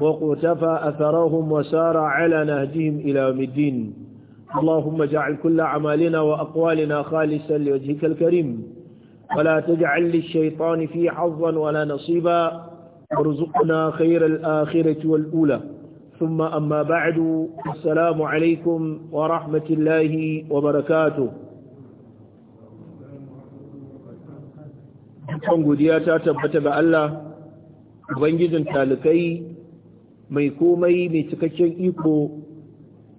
وقتفى أثرهم وسار على نهجهم إلى مدين اللهم جعل كل عمالنا وأقوالنا خالصا لوجهك الكريم ولا تجعل للشيطان في حظا ولا نصيبا وارزقنا خير الآخرة والأولى ثم أما بعد السلام عليكم ورحمة الله وبركاته kan godiya ta tabbata Allah mai komai mai cikakken iko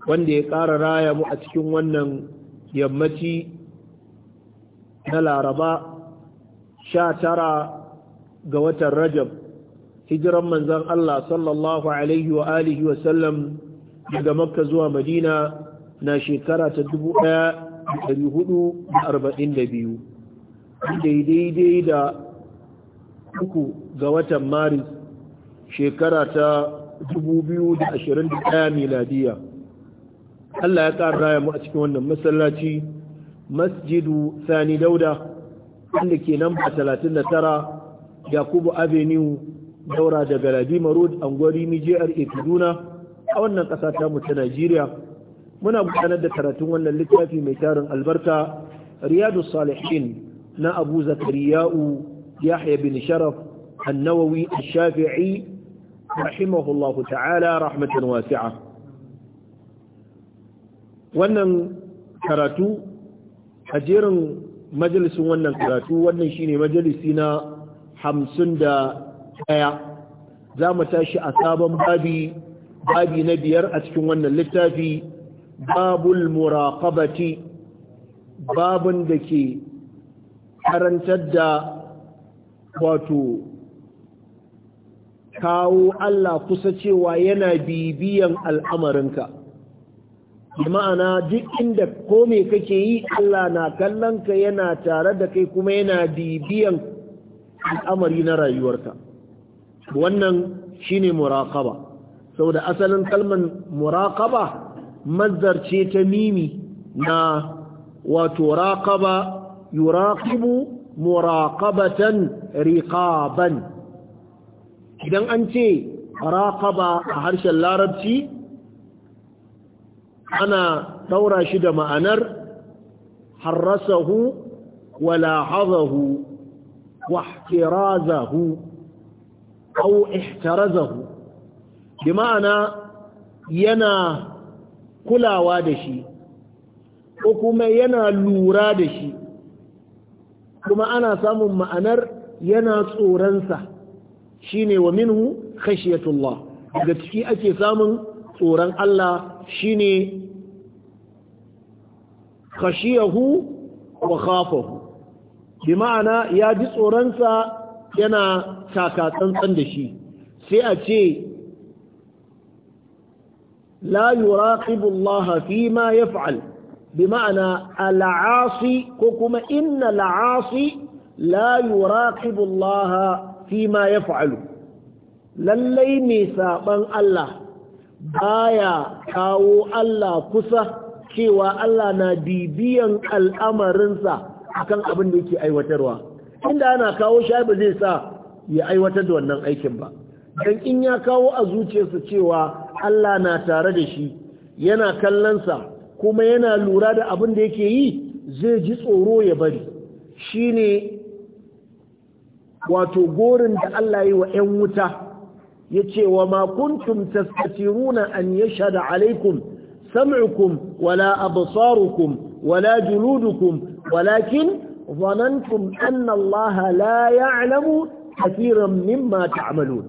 wanda ya ƙara raya mu a cikin wannan yammaci na laraba sha tara ga watan rajab hijiran manzan Allah sallallahu alaihi wa alihi wa sallam daga makka zuwa madina na shekara ta biyu. daidai da uku ga watan maris shekara ta 2021 miladiya Allah ya ƙara raya mu a cikin wannan masallaci masjidu sani dauda wanda ke nan ba 39 yakubu avenue daura da galadima road angwari nijiyar kaduna a wannan ƙasa ta ta najeriya muna gudanar da karatun wannan littafi mai tarin albarka riyadu salihin na abu zakariya'u yahya bin sharaf annawawi shafi'i رحمه الله تعالى رحمة واسعة wannan karatu a jerin majalisun wannan karatu wannan shine majalisi na hamsin da ɗaya za mu tashi a sabon babi babi na biyar a cikin wannan littafi babul muraqabati babun da ke karantar da wato kawo Allah kusa cewa yana bibiyan al'amarinka ma'ana duk inda kome kake yi Allah na kallonka yana tare da kai kuma yana bibiyan al'amari na rayuwarka wannan shi ne muraƙaba, sau da asalin kalman muraƙaba, mazarce ta mimi na wato raqaba yuraqibu muraƙabatan riƙaban. idan an ce raƙaba a harshen larabci ana ɗaura shi da ma'anar harrasahu wala hazahu wa ihtirazahu aw ihtirazahu bi ma'ana yana kulawa da shi ko kuma yana lura da shi kuma ana samun ma'anar yana tsoronsa. shine wa minhu khashiyatullah daga ciki ake samun tsoron Allah shine khashiyahu wa khafahu bi ma'ana ya ji tsoronsa yana taka tsantsan da shi sai a ce la yuraqibu Allah fi ma yaf'al bi ma'ana al'asi ko kuma inna al'asi la yuraqibu Allah fi ma yaf'alu lallai mai saɓan Allah baya kawo Allah kusa cewa Allah na bibiyan al'amarinsa akan abin da yake aiwatarwa inda ana kawo shi ba zai sa ya aiwatar da wannan aikin ba dan in ya kawo a zuciyarsa cewa Allah na tare da shi yana kallonsa kuma yana lura da abin da yake yi zai ji tsoro ya bari shine wato gorin da Allah yi wa 'yan wuta ya ce wa makuntum taskatiruna an yashhada alaikum sam'ukum wala absarukum wala juludukum walakin ظننتم أن الله لا يعلم كثيرا مما تعملون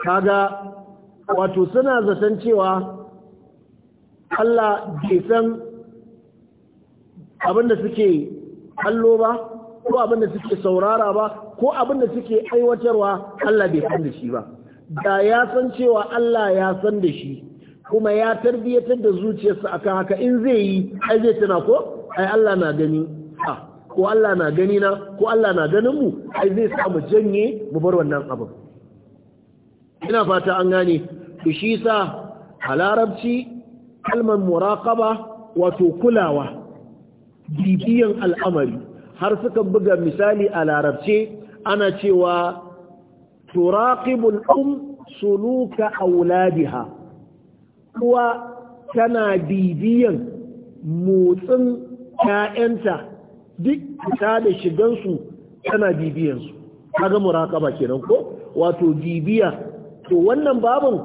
kaga wato suna zaton cewa Allah bai san abinda suke kallo ba ko abin da suke saurara ba ko abin da suke aiwatarwa Allah bai san da shi ba da ya san cewa Allah ya san da shi kuma ya tarbiyyatar da zuciyarsa akan haka in zai yi ai zai tana ko ai Allah na gani ha ko Allah na gani na ko Allah na ganin mu ai zai sa mu janye mu bar wannan abin ina fata an gane to shi sa a larabci kalmar muraqaba wato kulawa bibiyan al'amari har suka buga misali a larabce ana cewa turaqibul um suluka auladiha kuwa tana bibiyan motsin ƴaƴanta duk ta da shigan shigansu tana su kaga muraqaba kenan ko wato bibiya to wannan babun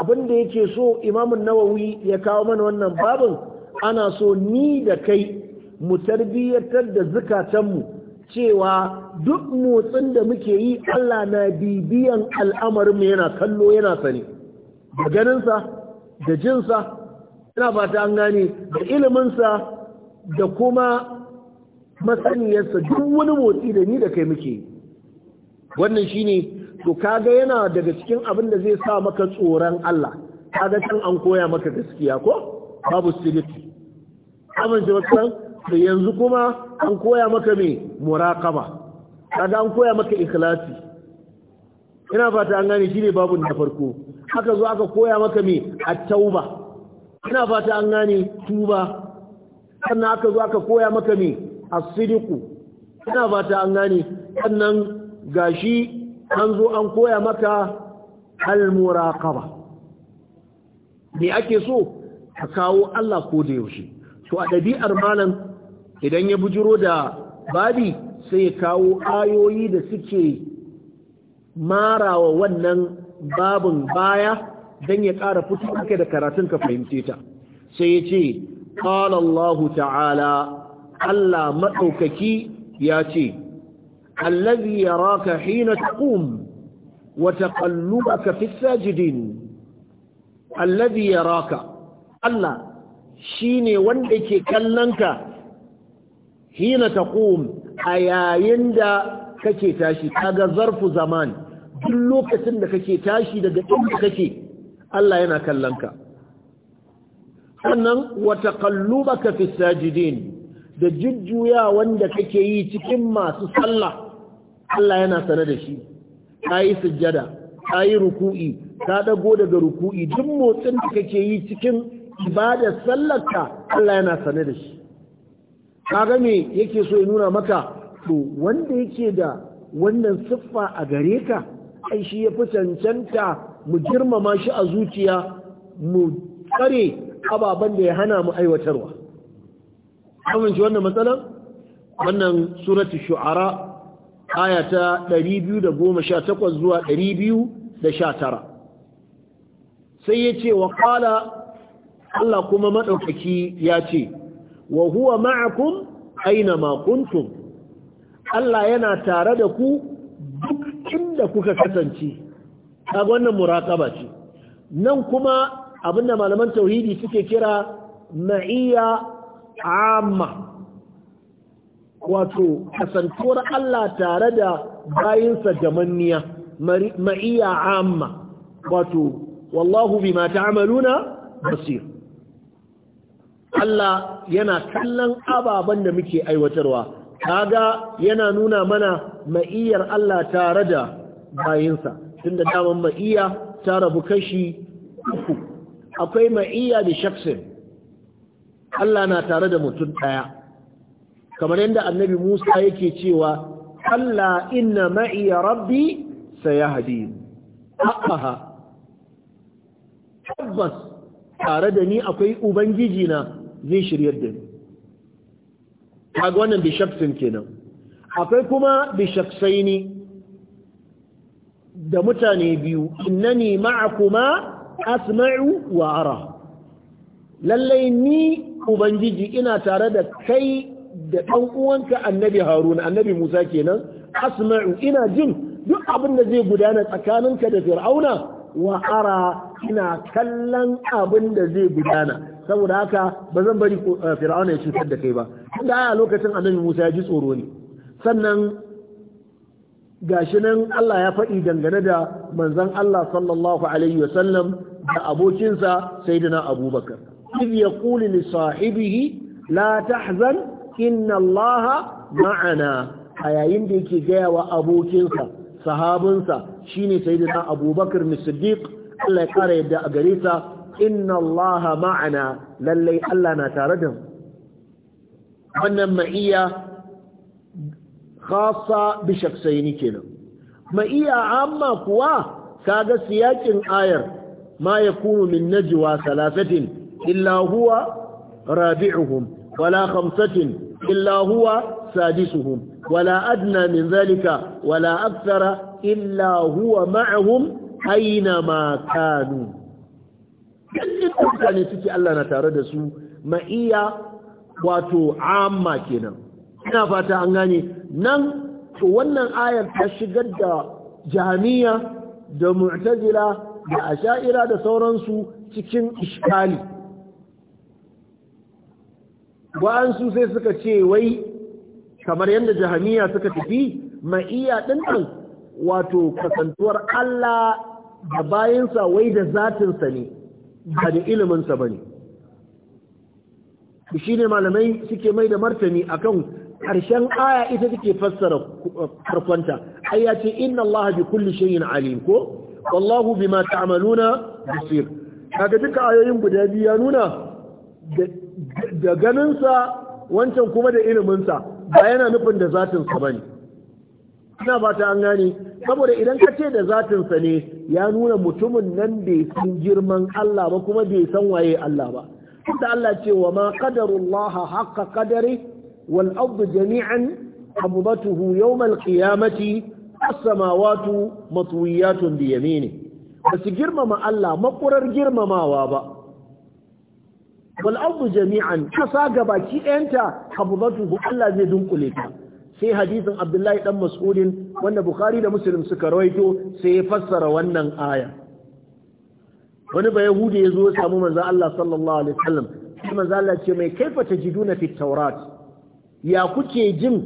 abin da yake so imamun nawawi ya kawo mana wannan babin ana so ni da kai mu tarbiyyatar da zukatanmu cewa duk motsin da muke yi Allah na bibiyan al'amarinmu yana kallo yana sani da ganinsa da jinsa yana fata an gane da iliminsa da kuma masaniyarsa duk wani motsi da ni da kai muke wannan shine to kaga yana daga cikin abin da zai sa maka tsoron Allah kaga can an koya maka gaskiya ko babu sirri amince wasu to yanzu kuma an koya maka mai muraqaba kaga an koya maka ikhlasi ina fata an gane shine babu na farko haka zo aka koya maka mai at-tauba ina fata an gane tuba sannan aka zo aka koya maka mai as-sidiqu ina fata an gane sannan gashi an zo an koya maka al-muraqaba me ake so ka kawo Allah ko da yaushe to a ɗabi'ar malam idan ya bujuro da babi sai ya kawo ayoyi da suke marawa wannan babin baya don ya ƙara fito ake da karatun ka fahimce ta sai ya ce ƙala Allah ta'ala Allah maɗaukaki ya ce allazi raka hina taqum wa taqallubaka fi sajidin allazi raka. Allah shine wanda yake kallon ka hina taqum a yayin da kake tashi kaga zarfu zaman duk lokacin da kake tashi daga inda kake Allah yana kallon ka sannan wa taqallubaka fi sajidin da jujjuya wanda kake yi cikin masu sallah Allah yana sane da shi kai sujjada kai ruku'i ka dago daga ruku'i duk motsin da kake yi cikin ibadar sallarka Allah yana sane da shi kaga me yake so ya nuna maka to wanda yake da wannan siffa a gare ka ai shi ya fi cancanta mu girmama shi a zuciya mu tsare ababen da ya hana mu aiwatarwa amince wannan matsalar wannan suratu shu'ara aya ta 218 zuwa 219 sai ya ce wa kala Allah kuma maɗaukaki ya ce wa huwa ma'akum aina ma kuntum Allah yana tare da ku duk inda kuka kasance kaga wannan muraqaba ce nan kuma abinda malaman tauhidi suke kira ma'iyya amma wato kasantuwar Allah tare da bayinsa jamanniya ma'iyya amma wato wallahu bima ta'maluna basir Allah yana kallon ababen da muke aiwatarwa kaga yana nuna mana ma'iyar Allah tare da bayinsa tunda daman ma'iya ta rabu kashi uku akwai ma'iya da shaksin Allah na tare da mutum ɗaya kamar yadda annabi Musa yake cewa Allah inna ma'iya rabbi sayahdin haqqaha tabbas tare da ni akwai ubangiji na zai shiryar da Ta kaga wannan bi kenan akwai kuma bi ne da mutane biyu innani ma'akuma asma'u wa ara lallai ni ubangiji ina tare da kai da ɗan uwanka annabi haruna annabi musa kenan asma'u ina jin duk abin da zai gudana tsakaninka da fir'auna wa ara ina kallon abin da zai gudana saboda haka ba zan bari eh, fir'auna ya cutar da kai ba tunda a lokacin annabi Musa ya ji tsoro ne sannan gashi nan Allah ya faɗi dangane da manzon Allah sallallahu alaihi wasallam da abokinsa sayyidina Abubakar idh yaqulu ni sahibihi la tahzan inna Allah ma'ana a yayin da yake gaya wa abokinsa sahabinsa shine sayyidina Abubakar Siddiq Allah ya kara yadda a gare ta inna Allah ma'ana lallai Allah na tare da wannan ma'iyya khassa bi shakhsaini kenan ma'iya amma kuwa kaga siyakin ayar ma yakunu min najwa salasatin illa huwa rabi'uhum wala khamsatin illa huwa sadisuhum wala adna min zalika wala akthara illa huwa ma'ahum aina ma kanu mutane suke Allah na tare da su ma'iya wato amma kenan ina fata an gane nan to wannan ayar ta shigar da jami'a da mu'tazila da asha'ira da sauransu cikin iskali su sai suka ce wai kamar yadda jahamiya suka tafi ma'iya ɗin wato kasantuwar Allah da bayansa wai da zatinsa ne ba da iliminsa ba ne shi ne malamai suke mai da martani kan ƙarshen aya ita take fassara farkonta ai ya ce inna Allah bi kulli shay'in alim ko wallahu bima ta'maluna basir kaga duka ayoyin guda biyu ya nuna da ganinsa wancan kuma da iliminsa ba yana nufin da zatinsa bane ina ba ta an gane saboda idan ka ce da zatinsa ne ya nuna mutumin nan bai san girman Allah ba kuma bai san waye Allah ba da Allah ce wa ma qadarullaha haqqa qadari wal jami'an qabdatuhu yawm al qiyamati as samawati matwiyatun bi yamini ba su girmama Allah makurar girmamawa ba wal ardu jami'an kasa gabaki ɗayanta qabdatuhu Allah zai dunkule ta sai hadisin abdullahi dan mas'udin wanda bukhari da muslim suka rawaito sai ya fassara wannan aya wani ba yahudi ya zo ya samu manzo Allah sallallahu alaihi wasallam sai manzo Allah ce mai kaifa tajiduna fi tawrat ya kuke jin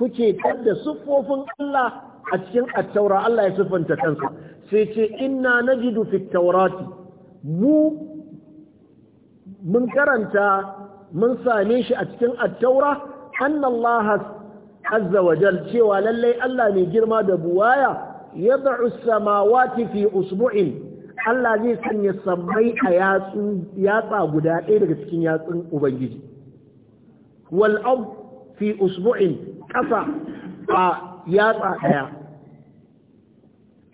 kuke tada sufofin Allah a cikin at-taura Allah ya sufanta kansa sai ce inna najidu fi tawrat mu mun karanta mun same shi a cikin at-taura annallaha azza wa jal cewa lallai Allah mai girma da buwaya yad'u samawati fi usbu'in Allah zai sanya sammai a yatsu yatsa guda ɗaya daga cikin yatsun ubangiji wal ard fi usbu'in ƙasa a yatsa ɗaya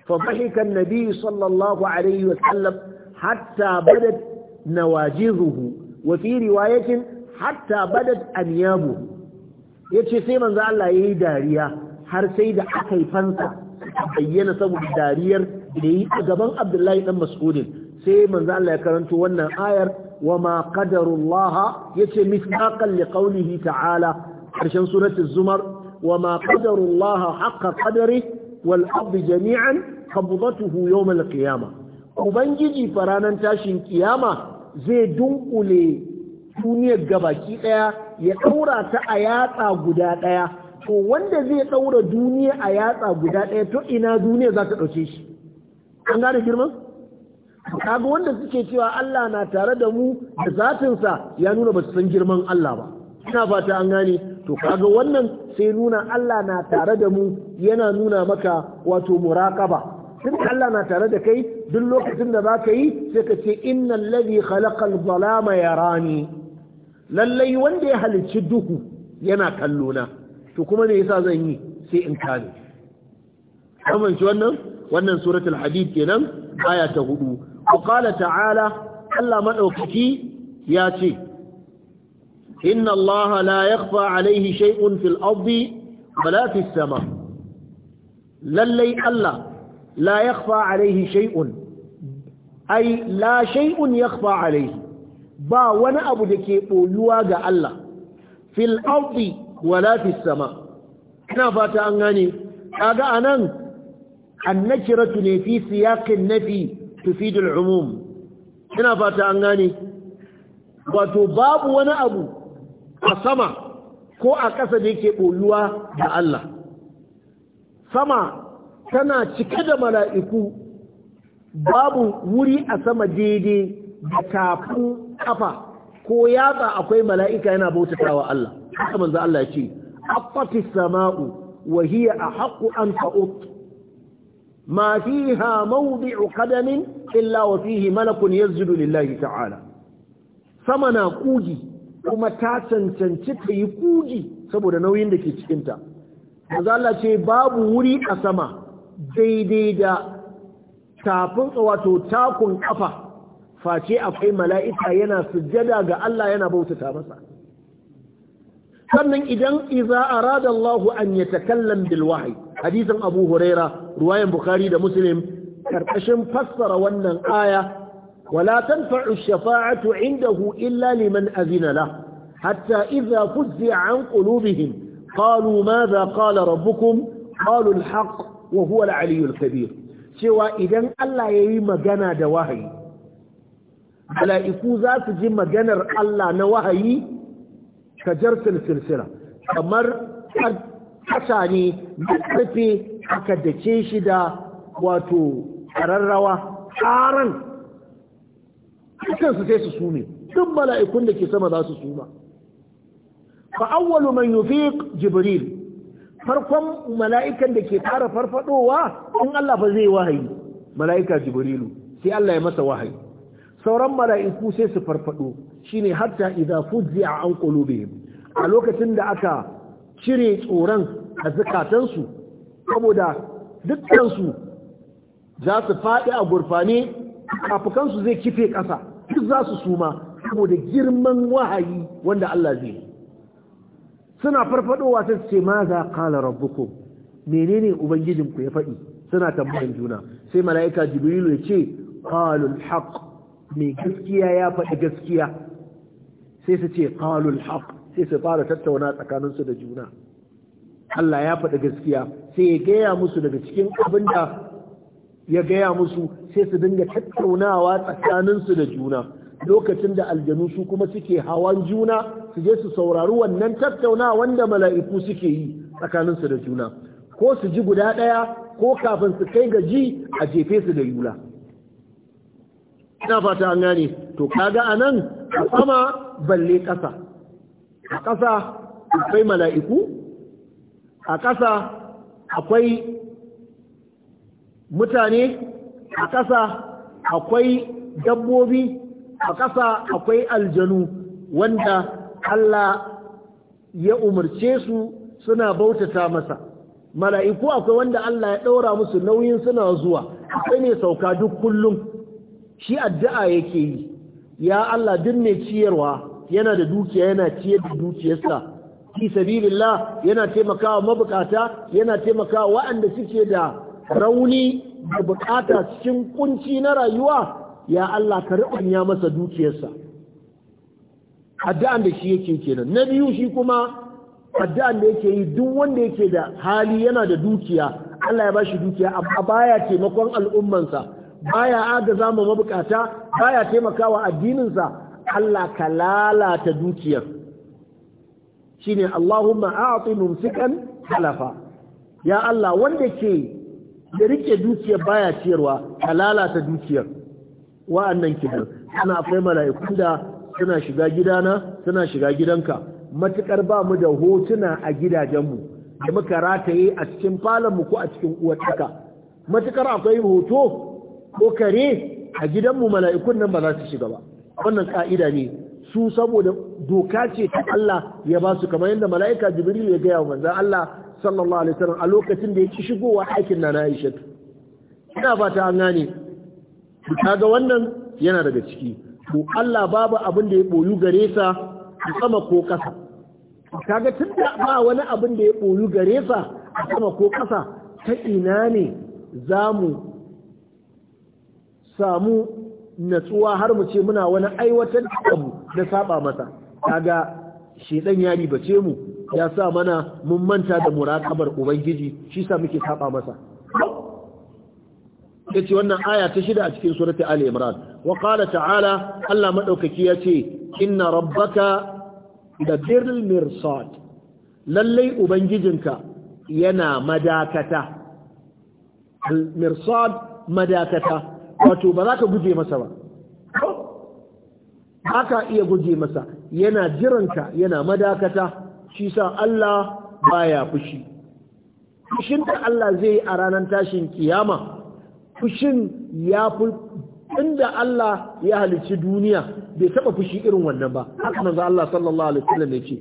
fa dhahika an-nabi sallallahu alaihi wa sallam hatta badat nawajizuhu wa fi riwayatin hatta badat anyabuhu yace sai manzo Allah yi dariya har sai da aka yi fansa bayyana saboda dariyar da yi a gaban Abdullahi dan Mas'udin sai manzo Allah ya karanto wannan ayar wama qadarullaha yace misaqan liqaulihi ta'ala ƙarshen suratul zumar wama qadarullaha haqqa qadari wal ardi jami'an qabdatuhu yawm al qiyamah ubangiji faranan tashin kiyama zai dunkule duniyar gabaki ɗaya ya ɗaura ta a yatsa guda ɗaya to wanda zai ɗaura duniya a yatsa guda ɗaya to ina duniya za ta ɗauke shi an gane girman kaga wanda suke cewa Allah na tare da mu da zatinsa ya nuna ba su san girman Allah ba ina fata an gane to kaga wannan sai nuna Allah na tare da mu yana nuna maka wato muraqaba tun Allah na tare da kai duk lokacin da za ka yi sai ka ce innal ladhi khalaqal zalama yarani lallai wanda ya halicci duhu yana kallo to kuma me yasa zan yi sai in kare kaman shi wannan wannan suratul hadid kenan aya ta hudu wa qala ta'ala Allah madaukaki ya ce inna Allah la yakhfa alayhi shay'un fil ardi wala fis sama lallai Allah la yakhfa alayhi shay'un ay la shay'un yakhfa alayhi ba wani abu da ke ɓoyuwa ga Allah fil wala fis sama ina fata an gane kaga anan annakiratu ne fi siyaqin nafi tufid umum ina fata an gane wato babu wani abu a sama ko a ƙasa da yake ɓoyuwa ga Allah sama tana cike da mala'iku babu wuri a sama daidai da tafin kafa ko yatsa akwai mala'ika yana bautatawa Allah haka manzo Allah ya ce afati sama'u wa hiya ahqqu an ta'ut ma fiha mawdi'u qadamin illa wa fihi malakun yazjudu lillahi ta'ala sama na kuji kuma ta cancanci ta yi kuji saboda nauyin da ke cikinta manzo Allah ce babu wuri a sama daidai da tafin wato takun kafa face akwai mala'ika yana sujjada ga Allah yana bautata masa sannan idan iza arada Allahu an yatakallam bil wahyi hadisin Abu Huraira ruwayan Bukhari da Muslim karkashin fassara wannan aya wala tanfa'u shafa'atu indahu illa liman azina hatta iza fuzza an qulubihim qalu madha qala rabbukum qalu al haqq wa huwa al al kabir cewa idan Allah yayi magana da wahayi mala'iku za su ji maganar Allah na wahayi ka jarsil silsila kamar kasa ne da karfe aka dace shi da wato ƙararrawa ƙaran su sai su sume duk mala'ikun da ke sama za su suma fa awwalu man jibril farkon mala'ikan da ke fara farfadowa in Allah ba zai wahayi mala'ika jibrilu sai Allah ya masa wahayi sauran mala'iku sai su farfado shine hatta idza fuzza an qulubihim a lokacin da aka cire tsoron a su saboda dukkan su za su fadi a gurfane kafukansu zai kife ƙasa duk za su suma saboda girman wahayi wanda Allah zai suna farfadowa sai su ce ma za qala rabbukum menene ubangijinku ya faɗi suna tambayan juna sai mala'ika jibrilu ya ce qalul haqq mai gaskiya ya faɗi gaskiya sai su ce ƙalul haqq sai su fara tattauna tsakaninsu da juna Allah ya faɗi gaskiya sai ya gaya musu daga cikin abin da ya gaya musu sai su dinga tattaunawa tsakaninsu da juna lokacin da aljanu su kuma suke hawan juna su je su saurari wannan tattauna wanda mala'iku suke yi tsakaninsu da juna ko su ji guda ɗaya ko kafin su kai gaji a jefe su da yula ina fata an gane to kaga anan sama balle ƙasa a ƙasa akwai mala'iku a ƙasa akwai mutane a ƙasa akwai dabbobi a ƙasa akwai aljanu wanda Allah ya umarce su suna bautata masa mala'iku akwai wanda Allah ya ɗaura musu nauyin suna zuwa akwai ne sauka duk kullum shi addu'a yake yi ya Allah duk mai ciyarwa yana da dukiya yana ciyar da dukiyarsa fi sabibillah yana taimakawa mabukata yana taimakawa waɗanda suke da rauni da bukata cikin kunci na rayuwa ya Allah ka ya masa dukiyarsa addu'an da shi yake kenan na biyu shi kuma addu'an da yake yi duk wanda yake da hali yana da dukiya Allah ya bashi dukiya amma baya taimakon al'ummansa baya agaza ma mabukata baya taimakawa addininsa Allah ka lalata dukiyar shine Allahumma a'ti mumsikan halafa ya Allah wanda ke da rike dukiyar baya ciyarwa ka lalata dukiyar wa'annan kidan ana akwai mala'iku da suna shiga gidana suna shiga gidanka matukar ba mu da hotuna a gidajenmu da muka rataye a cikin falon mu ko a cikin uwarɗaka matukar akwai hoto ko kare a gidanmu mala'ikun nan ba za su shiga ba wannan ƙa'ida ne su saboda doka ce ta Allah ya ba su kamar yadda mala'ika jibril ya gaya wa manzan Allah sallallahu alaihi wasallam a lokacin da ya ci shigowa aikin na Aisha ina fata an gane ga wannan yana daga ciki to Allah babu abin da ya boyu gare sa sama ko kasa tun da ba wani abin da ya boyu gare sa sama ko ƙasa ta ina ne zamu samu natsuwa har mu ce muna wani aiwatar da abu da saba masa kaga shedan ya ce mu ya sa mana mun manta da murakabar ubangiji shi sa muke saba masa yace wannan aya ta shida a cikin surati ali imran wa qala ta'ala Allah madaukaki yace inna rabbaka da birl mirsad lallai ubangijinka yana madakata mirsad madakata wato ba za ka guje masa ba ba iya guje masa yana jiranka yana madakata shi sa Allah baya fushi fushin da Allah zai yi a ranar tashin kiyama fushin ya fi inda Allah ya halicci duniya bai taba fushi irin wannan ba haka manzo Allah sallallahu alaihi wasallam ce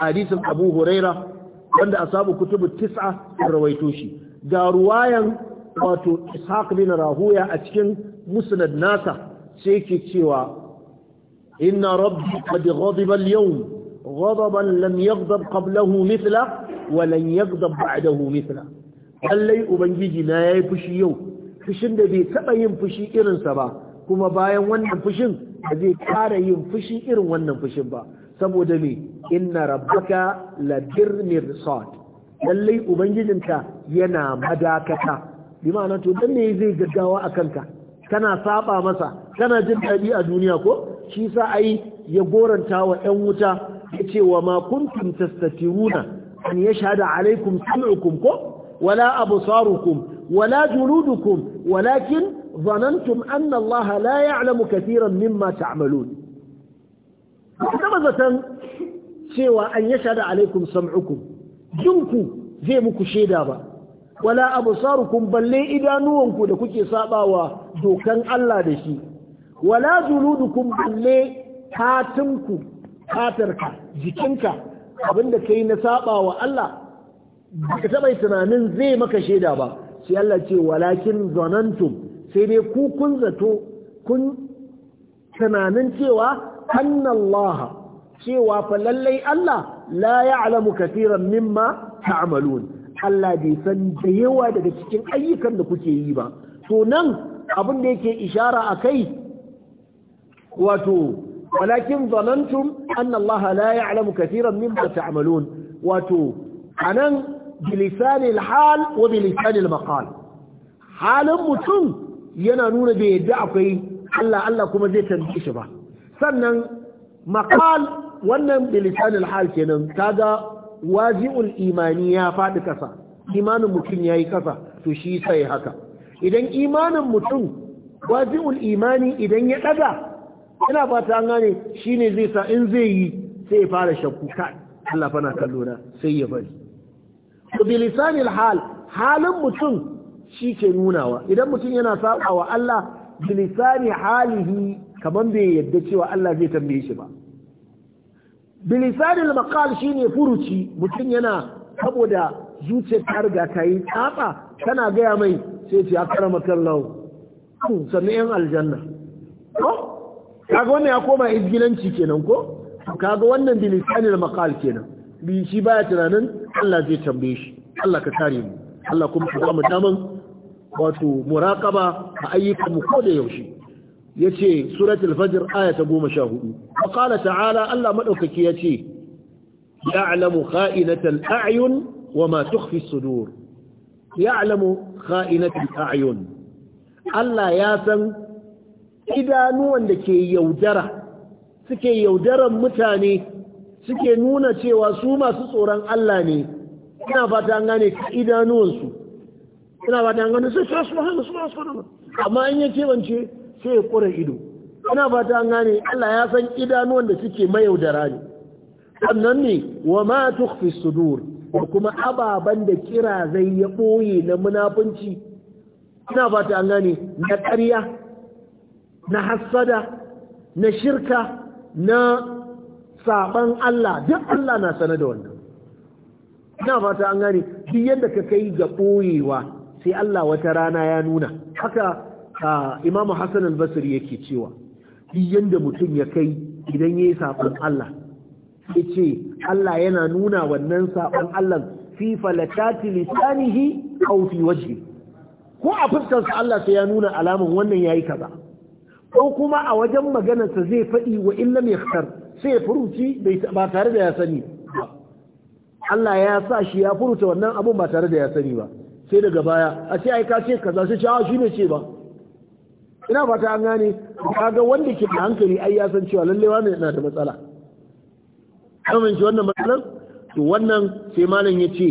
hadisin Abu Huraira wanda asabu kutubu tis'a rawaito shi ga ruwayan wato ishaq bin rahuya a cikin musnad nasa sai ke cewa inna rabbi qad ghadiba al-yawm ghadaban lam yaghdab qablahu mithla wa lan yaghdab ba'dahu mithla lallai ubangiji na yayi fushi yau fushin da bai taba yin fushi irinsa ba kuma bayan wannan fushin ba zai kara yin fushi irin wannan fushin ba saboda me inna rabbaka ladir mirsad lallai ubangijinka yana madakata bi to dan me zai gaggawa a kanka kana saba masa kana jin daɗi a duniya ko shi sa ai ya goranta wa ƴan wuta yace wa ma kuntum tastatiruna an yashhada alaikum sam'ukum ko wala absarukum wala juludukum walakin ظننتم أن الله لا يعلم كثيرا مما تعملون نمزة سوى أن يشهد عليكم سمعكم jinku zai muku شيدا ba. wala absarukum balle idanuwanku da kuke sabawa dokan Allah da shi wala juludukum balle katinku katarka jikinka abinda kai na sabawa Allah baka taba tunanin zai maka sheda ba sai Allah ce walakin zanantum sai dai ku kun zato kun tunanin cewa annallaha cewa fa lallai Allah la ya'lamu katiran mimma ta'malun Allah bai san da yawa daga cikin ayyukan da kuke yi ba to nan abin da yake ishara a kai wato walakin zanantum anna Allah la ya'lamu katiran mimma ta'malun wato anan bilisan al-hal wa bilisan al-maqal halin mutum yana nuna bai yadda akwai Allah Allah kuma zai tambaye shi ba sannan maqal wannan bilisan al-hal kenan kaga wazi'ul imani ya faɗi ƙasa, imanin mutum ya yi ƙasa to shi sai haka idan imanin mutum wazi'ul imani idan ya ɗaga ina ba ta gane shi ne zai sa in zai yi sai ya fara shakku kai Allah fana kallo sai ya bari to bi lisanil hal halin mutum shi ke nunawa idan mutum yana saba wa Allah bi lisani halihi kamar bai yadda cewa Allah zai tambaye shi ba bilisanin makal shine furuci mutum yana saboda zuciyar ta riga ta yi tsatsa tana gaya mai sai ce ya karama lau hmm, sannan yan aljanna ko kaga wannan ya koma izgilanci kenan ko kaga wannan bilisanin makal kenan bi shi baya tunanin Allah zai tambaye shi Allah ka kare mu Allah kuma ka ba mu daman wato muraƙaba a ayyukan mu ko da yaushe yace suratul fajr aya ta 14 wa qala ta'ala Allah madaukaki yace ya'lamu kha'inatal a'yun wa ma tukhfi sudur ya'lamu kha'inatal a'yun Allah ya san idanuwan da ke yaudara suke yaudaran mutane suke nuna cewa su masu tsoron Allah ne ina fata an gane idanuwansu ina fata an gane su su subhanahu subhanahu amma in ya ce sai ya kura ido ina ba ta gane Allah ya san idanuwan da suke mayaudara ne sannan ne wa ma tukhfi sudur da kuma ababan da kira zai ya ɓoye na munafunci ina ba an gane na ƙarya na hassada na shirka na saban Allah duk Allah na sanar da wannan ina ba ta gane duk yadda ka kai ga ɓoyewa, sai Allah wata rana ya nuna haka imam hassan al-basri yake cewa duk yanda mutum ya kai idan yayi sabon Allah yace Allah yana nuna wannan sabon Allah fi falakati lisanihi aw fi wajhi ko a fuskarsa Allah sai ya nuna alaman wannan yayi kaza ko kuma a wajen maganarsa zai faɗi wa illa mai khar sai furuci ba tare da ya sani Allah ya sa shi ya furuta wannan abun ba tare da ya sani ba sai daga baya a ce ai ka ce kaza sai ce a shine ce ba ina fata an gane kaga wanda ke da hankali ai ya san cewa lalle wani yana da matsala amin shi wannan matsalar to wannan sai malam ya ce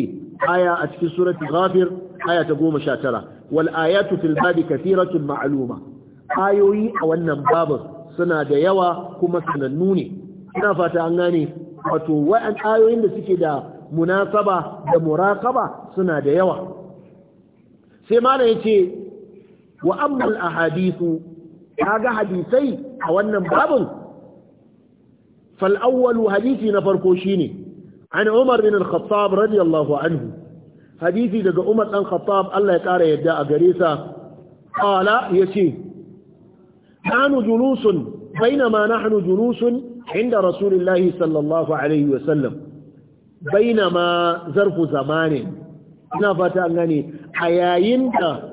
aya a cikin surati ghafir aya ta 19 wal ayatu fil babi kathiratun ma'luma ayoyi a wannan babin suna da yawa kuma sanannu ne ina fata an gane wato wa'an ayoyin da suke da munasaba da muraqaba suna da yawa sai malam ya ce. wa ammal ahadithu ga hadisai a wannan babin fal hadisi na farko shine an Umar bin al-Khattab radiyallahu anhu hadisi daga Umar dan Khattab Allah ya kara yadda a gare sa qala yace nahnu julusun bainama nahnu julusun inda rasulillahi sallallahu alaihi wa sallam bainama zarfu zamani ina fata an gane a yayin da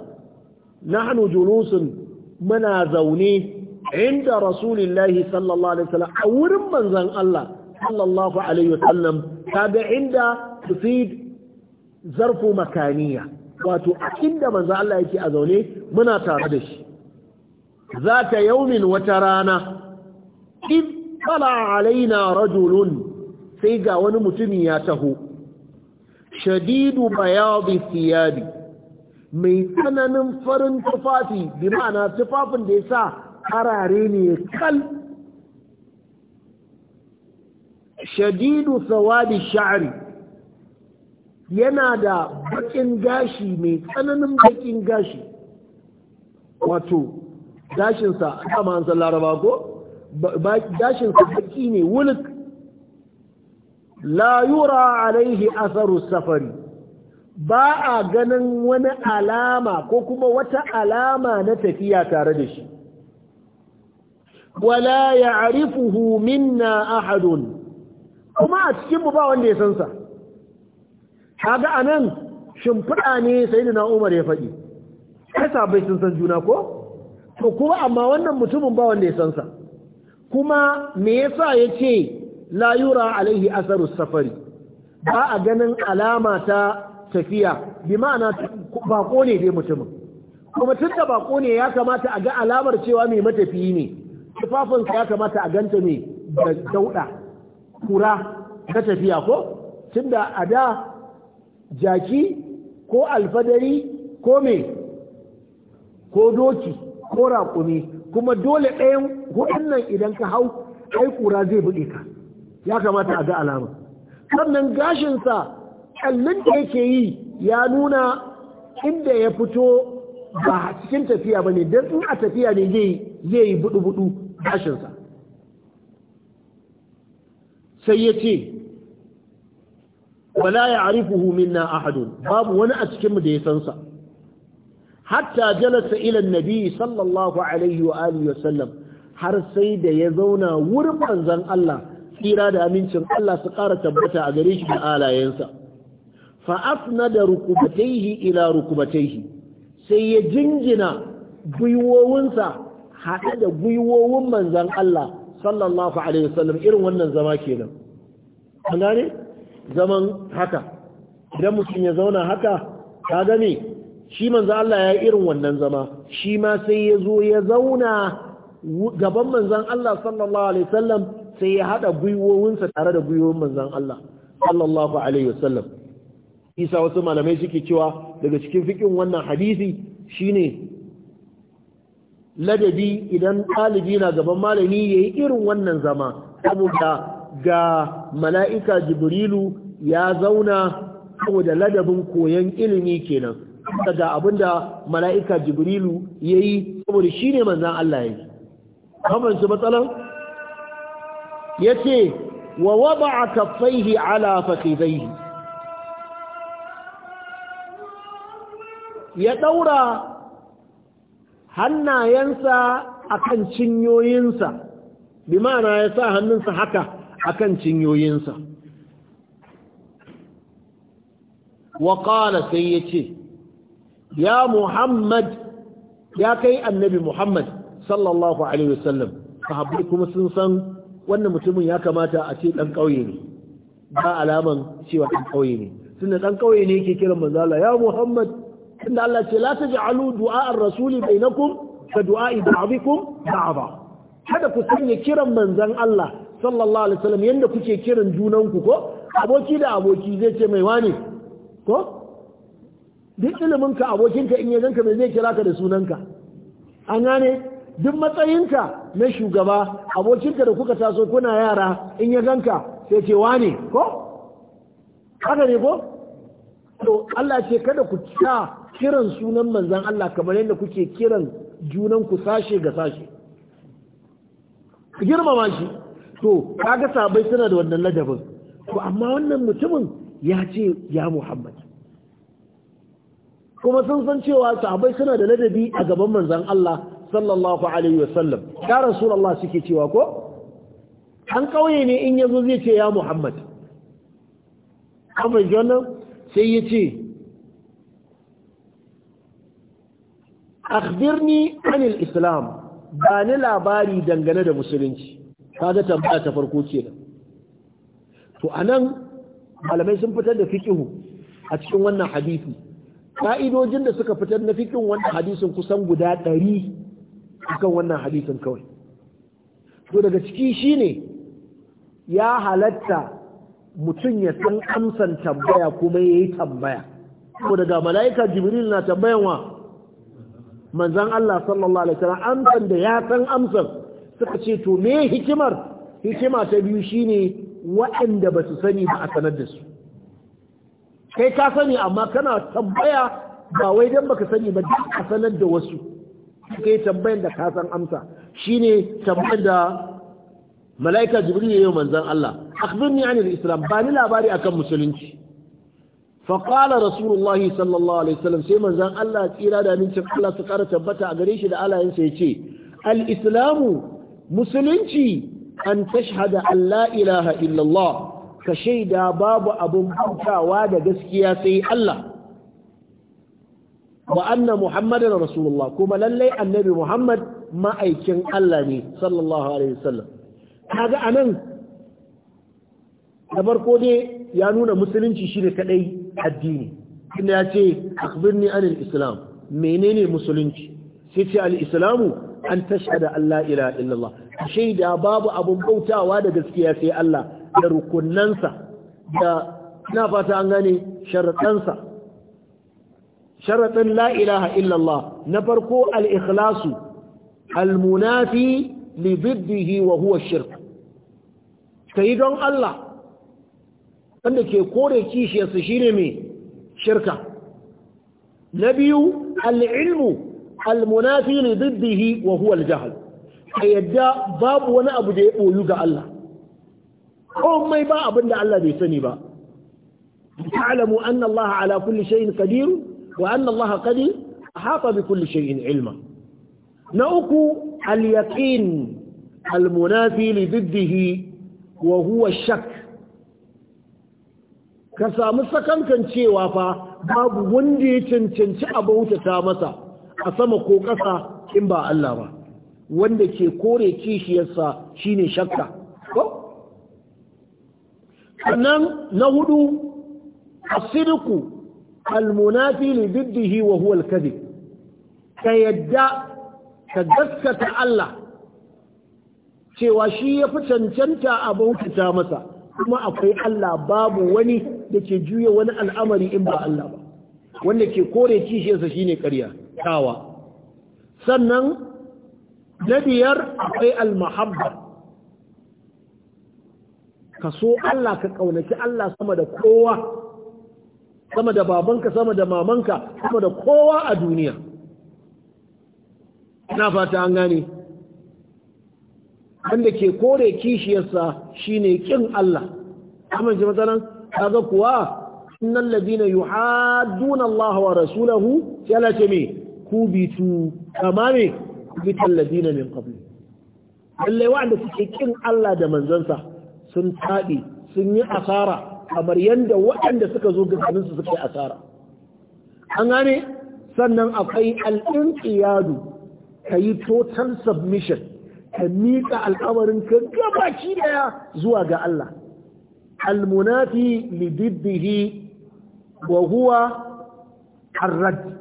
nahnu julusun muna zaune inda rasulillahi sallallahu alaihi wasallam a wurin manzon Allah sallallahu alaihi wasallam kaga inda tufid zarfu makaniya wato a inda manzon Allah yake a zaune muna tare da shi zata yawmin wata rana id tala alaina rajulun sai ga wani mutumi ya taho shadidu bayadi thiyabi mai tsananin farin tufafi bi ma'ana tufafin da ya sa karare ne kal shadidu sawadi sha'ari yana da bakin gashi mai tsananin bakin gashi wato gashinsa dama an san laraba ko gashinsa baki ne wulik la yura alaihi asaru safari ba a ganin wani alama ko kuma wata alama na tafiya tare da shi wala ya ya'rifuhu minna ahadun kuma a cikin mu ba wanda ya san sa kaga anan shimfiɗa ne sayyidina Na'umar ya faɗi kai bai sun san juna ko to kuma amma wannan mutumin ba wanda ya san kuma me yasa ya la yura alaihi asaru safari ba a ganin alama ta tafiya bi ma'ana bako ne dai mutumin kuma tun da bako ne ya kamata a ga alamar cewa mai matafiyi ne tufafinsa ya kamata a ganta mai da dauda kura ta tafiya ko tun da a da jaki ko alfadari ko me ko doki ko raƙumi kuma dole ɗayan hudun nan idan ka hau ai kura zai buɗe ka ya kamata a ga alamar sannan gashinsa kallon da yake yi ya nuna inda ya fito ba cikin tafiya ba ne don in a tafiya ne zai yi budu-budu gashinsa sai ya ce wala ya arifuhu minna ahadun babu wani a cikinmu da ya sansa hatta jalasa ilan nabi sallallahu alaihi wa alihi sallam har sai da ya zauna wurin manzon Allah tsira da amincin Allah su ƙara tabbata a gare shi da alayensa fa'afnada rukubataihi ila rukubataihi sai ya jinjina gwiwowinsa haɗe da gwiwowin manzan Allah sallallahu alaihi wasallam irin wannan zama kenan an gane zaman haka idan mutum ya zauna haka ta gane shi manzan Allah ya irin wannan zama shi ma sai ya zo ya zauna gaban manzan Allah sallallahu alaihi wasallam sai ya haɗa gwiwowinsa tare da gwiwowin manzan Allah sallallahu alaihi wasallam isa wasu malamai suke cewa daga cikin fikin wannan hadisi shine ladabi idan ɗalibi na gaban malami ya yi irin wannan zama saboda ga mala'ika jibrilu ya zauna saboda ladabin koyon ilimi kenan daga abinda mala'ika jibrilu ya yi saboda shi ne manzan Allah ya yi kamar su matsalan ya ce wa waba a kafai ala fasizaihi ya ɗaura hannayensa akan cinyoyinsa bi ma'ana ya sa hannunsa haka akan cinyoyinsa wa ƙala sai ya ce ya muhammad ya kai annabi muhammad sallallahu alaihi wasallam sahabbai kuma sun san wannan mutumin ya kamata a ce ɗan ƙauye ne ba alaman cewa ɗan ƙauye ne tunda ɗan ƙauye ne yake kiran manzala ya muhammad inda Allah ce la taj'alu du'a ar-rasuli bainakum ka du'a'i ba'dikum ba'da kada ku sanya kiran manzan Allah sallallahu alaihi wasallam yanda kuke kiran junanku ko aboki da aboki zai ce mai wane ko duk iliminka abokinka in ya ganka mai zai kira ka da sunanka an gane duk matsayinka na shugaba abokinka da kuka taso kuna yara in ya ganka sai ce wane ko haka ne ko to Allah ce kada ku sa kiran sunan manzan Allah kamar yadda kuke kiran junan ku sashe ga sashe Ka girmama shi to kaga sabai suna da wannan ladabin to amma wannan mutumin ya ce ya Muhammad kuma sun san cewa sabai suna da ladabi a gaban manzan Allah sallallahu alaihi wasallam ya rasulullah suke cewa ko an kauye ne in yazo zai ce ya Muhammad kamar jona sai ya ce akhbirni anil islam ba ni labari dangane da musulunci kaga tambaya ta farko kenan to anan malamai sun fitar da fiqhu a cikin wannan hadisi ka'idojin da suka fitar na fikin wannan hadisin kusan guda 100 akan wannan hadisin kawai to daga ciki shine ya halatta mutum ya san amsan tambaya kuma yayi tambaya ko daga mala'ika jibril na tambayan wa manzan Allah sallallahu alaihi wasallam amsan da ya san amsar suka ce to me hikimar hikima ta biyu shine waɗanda ba su sani ba a sanar da su kai ka sani amma kana tambaya ba wai dan baka sani ba duk a sanar da wasu kai tambayan da ka san amsa shine tambayar da malaika jibril ya yi manzan Allah akhbirni anil islam ba ni labari akan musulunci فقال رسول الله صلى الله عليه وسلم سيما زان الله تيرا دا ننسى الله سقارة تبتا أغريش دا الله ينسى يتي الإسلام مسلنتي أن تشهد أن لا إله إلا الله كشيء دا باب أبو مبتا وادا قسكياتي الله وأن محمد رسول الله كما للي النبي محمد ما أيكين الله صلى الله عليه وسلم هذا أنا da farko dai ya nuna musulunci shi ne kadai addini inda ya ce akbirni anil islam menene musulunci sai ce al-islamu an tashhada Allah ila illallah shaida babu abun bautawa da gaskiya sai Allah da rukunansa da na fata an gane sharaɗansa sharaɗin la ilaha illallah na farko al-ikhlasu al-munafi li biddihi wa huwa shirk kai don Allah wanda ke kore kishiyarsa shine mai shirka na biyu al'ilmu al-munafi li diddihi wa huwa al a yadda babu wani abu da ya boyu ga Allah komai ba abin da Allah bai sani ba ta'lamu anna Allah ala kulli shay'in qadir wa anna Allah qad ahata bi kulli shay'in ilma na uku al yaƙin al-munafi shak. wa huwa ka samu sakankan cewa fa babu wanda ya cancanci a bautata masa a sama ko ƙasa in ba Allah ba wanda ke kore kishiyarsa shi ne shakka ko sannan na hudu asirku almunafi li diddihi wa huwa alkadhib ka yadda ka gaskata Allah cewa shi ya fi cancanta a bautata masa kuma akwai Allah babu wani da ke juya wani al'amari in ba Allah ba wanda ke kore kishiyarsa shine ƙarya tawa sannan na biyar akwai al mahabbar ka so Allah ka ƙaunaki Allah sama da kowa sama da babanka sama da mamanka sama da kowa a duniya na fata an gane wanda ke kore kishiyarsa shine kin Allah amma ji matsalan kaga kuwa innal ladina yuhadduna Allah wa rasulahu yala ce me kubitu kama me kubital ladina min wanda suke kin Allah da manzansa sun taɗi sun yi asara kamar yanda waɗanda suka zo gabanin su suka yi asara an gane sannan akwai al-inqiyadu kayi total submission ka miƙa al'amarin ka gabaki daya zuwa ga Allah almunafi lididdihi wa huwa karrad.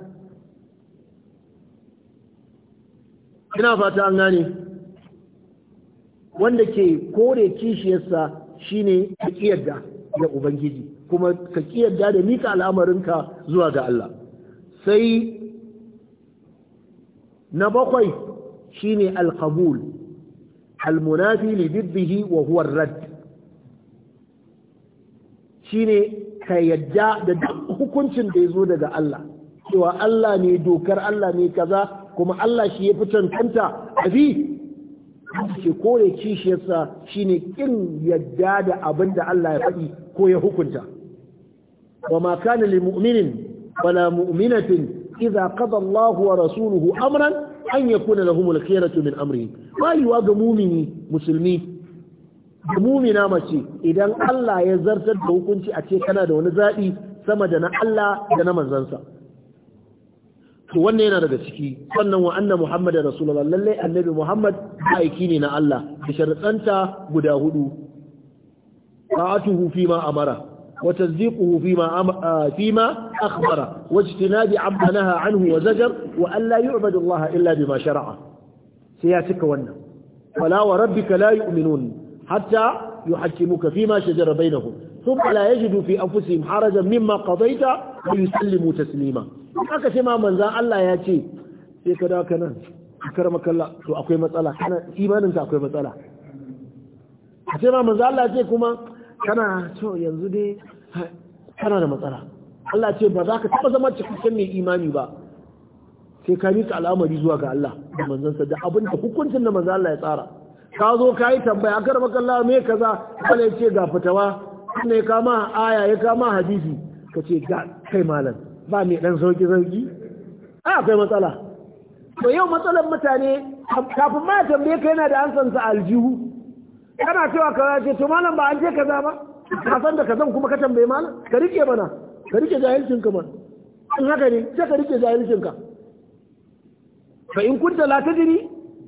ina fata an gane wanda ke kore kishiyarsa shine ka kiyarda da ubangiji kuma ka kiyarda da al'amarin ka zuwa ga Allah sai na bakwai shine alkabul almunafi li bibbihi wa huwa rad shine ka yadda da duk hukuncin da ya zo daga Allah cewa Allah ne dokar Allah ne kaza kuma Allah shi ya fi cancanta abi shi kore kishiyarsa shine kin yadda da abinda Allah ya faɗi ko ya hukunta wa ma kana lil mu'minin wala mu'minatin idza qada Allahu wa rasuluhu amran an yakuna lahumul khiyaratu min amri bayuwa ga mumini musulmi ga mumina mace idan Allah ya zartar da hukunci a ce kana da wani zaɓi sama da na Allah da na manzansa to wannan yana daga ciki sannan wa anna Muhammad rasulullah lalle annabi muhammad aiki ne na Allah da sharuɗanta guda hudu ta'atuhu fi ma amara وتصديقه فيما أم... آه فيما أخبر واجتناب عما نهى عنه وزجر وأن لا يعبد الله إلا بما شرع سياسك ونا فلا وربك لا يؤمنون حتى يحكموك فيما شجر بينهم ثم لا يجد في أنفسهم حرجا مما قضيت ويسلموا تسليما haka sai ma manzan Allah ya ce sai ka dawo kanan kar makalla to akwai matsala kana imaninka akwai matsala sai ma manzan Allah ya ce kuma kana so yanzu dai kana da matsala Allah ce ba za ka taba zama cikakken mai imani ba sai ka rika al'amari zuwa ga Allah da manzansa da abin da hukuncin da manzan Allah ya tsara ka zo ka yi tambaya akar makalla me kaza kana ce ga fitawa ne ya kama aya ya kama hadisi ka ce ga kai malam ba mai dan sauki sauki a akwai matsala to yau matsalar mutane kafin ma tambaye ka yana da ansansa aljihu kana cewa ka ce to malam ba an je kaza ba ka san da kazan kuma ka tambaye malam ka rike mana ka rike jahilcin ka mana in haka ne sai ka rike jahilcin ka fa in kunta la tadri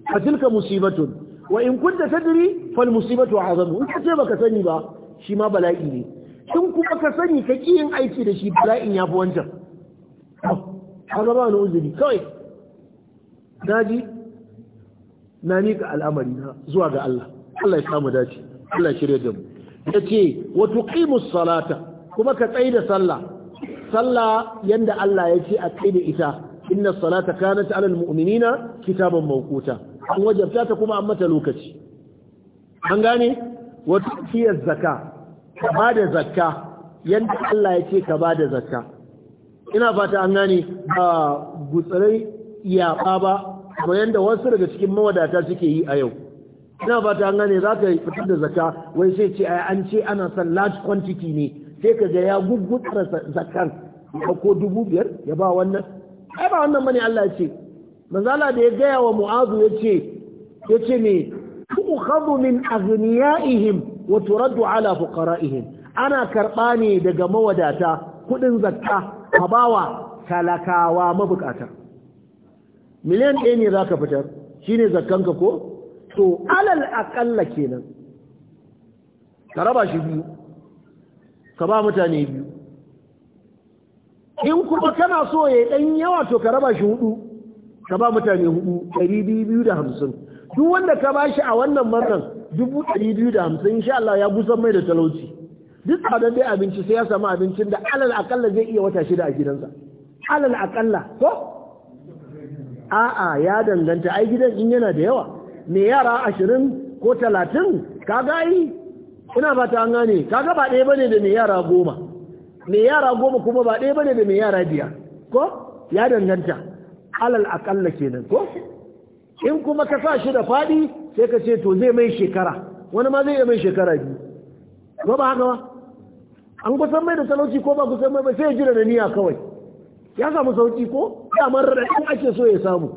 fa tilka musibatun wa in kunta tadri fal musibatu azamu in ka ce baka sani ba shi ma bala'i ne in kuma ka sani ka ki yin aiki da shi bala'in ya fi wancan oh, ka gaba ni uzuri kawai naji na miƙa al'amari na zuwa ga Allah Allah ya samu dace Allah ya shirye da mu yace wa tuqimus salata kuma ka tsai da sallah sallah yanda Allah ya ce a tsaye da ita inna salata kanat ala mu'minina kitaban mawquta an wajabta ta kuma an mata lokaci an gane wa tuqiyaz zakka ka bada zakka yanda Allah ya ce ka bada zakka ina fata an gane ba gutsarai iyaba ba kamar yanda wasu daga cikin mawadata suke yi a yau ina ba ta gane za ka fitar da zaka wai sai ce an ce ana son large quantity ne sai ka ga ya gugutsara zakkan ya ko dubu biyar ya ba wannan ai ba wannan bane Allah ya ce manzala da ya gaya wa mu'azu ya ce ya ce me tu'khadhu min aghniyaihim wa turaddu ala fuqara'ihim ana karba ne daga mawadata kudin zakka a bawa talakawa mabukata miliyan ɗaya ne za ka fitar shine zakkanka ko to alal akalla kenan ka raba shi biyu ka ba mutane biyu in kuma kana so ya dan yawa to ka raba shi hudu ka ba mutane hudu ɗari biyu da hamsin duk wanda ka ba shi a wannan marnan dubu ɗari biyu da hamsin insha Allah ya gusan mai da talauci duk tsadar dai abinci sai ya samu abincin da alal akalla zai iya wata shida a gidansa alal akalla ko a'a ya danganta ai gidan in yana da yawa mai yara ashirin ko talatin kaga yi ina ba ta gane kaga ba ɗaya bane da mai yara goma mai yara goma kuma ba ɗaya bane da mai yara biyar ko ya danganta alal akalla kenan ko in kuma ka sa shi da faɗi sai ka ce to zai mai shekara wani ma zai iya mai shekara biyu ko ba haka ba an kusan mai da talauci ko ba kusan mai ba sai ya jira da niyya kawai ya samu sauki ko damar da ake so ya samu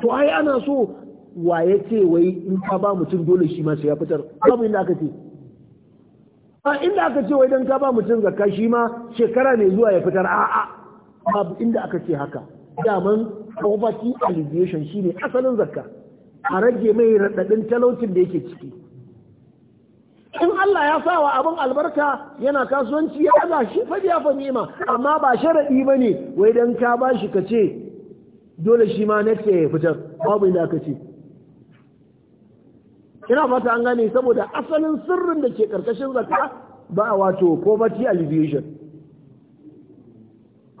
to ai ana so wa ya ce wai in ka ba mutum dole shi ma sai ya fitar babu inda aka ce a inda aka ce wai dan ka ba mutum zakka shi ma shekara mai zuwa ya fitar a'a babu inda aka ce haka daman poverty alleviation shine asalin zakka a rage mai radadin talaucin da yake ciki in Allah ya sawa abin albarka yana kasuwanci ya ga shi fadi ya ni'ima amma ba sharadi ba ne wai dan ka ba shi ka ce dole shi ma next ya fitar babu inda aka ce ina fata an gane saboda asalin sirrin da ke karkashin zaka ba a wato poverty alleviation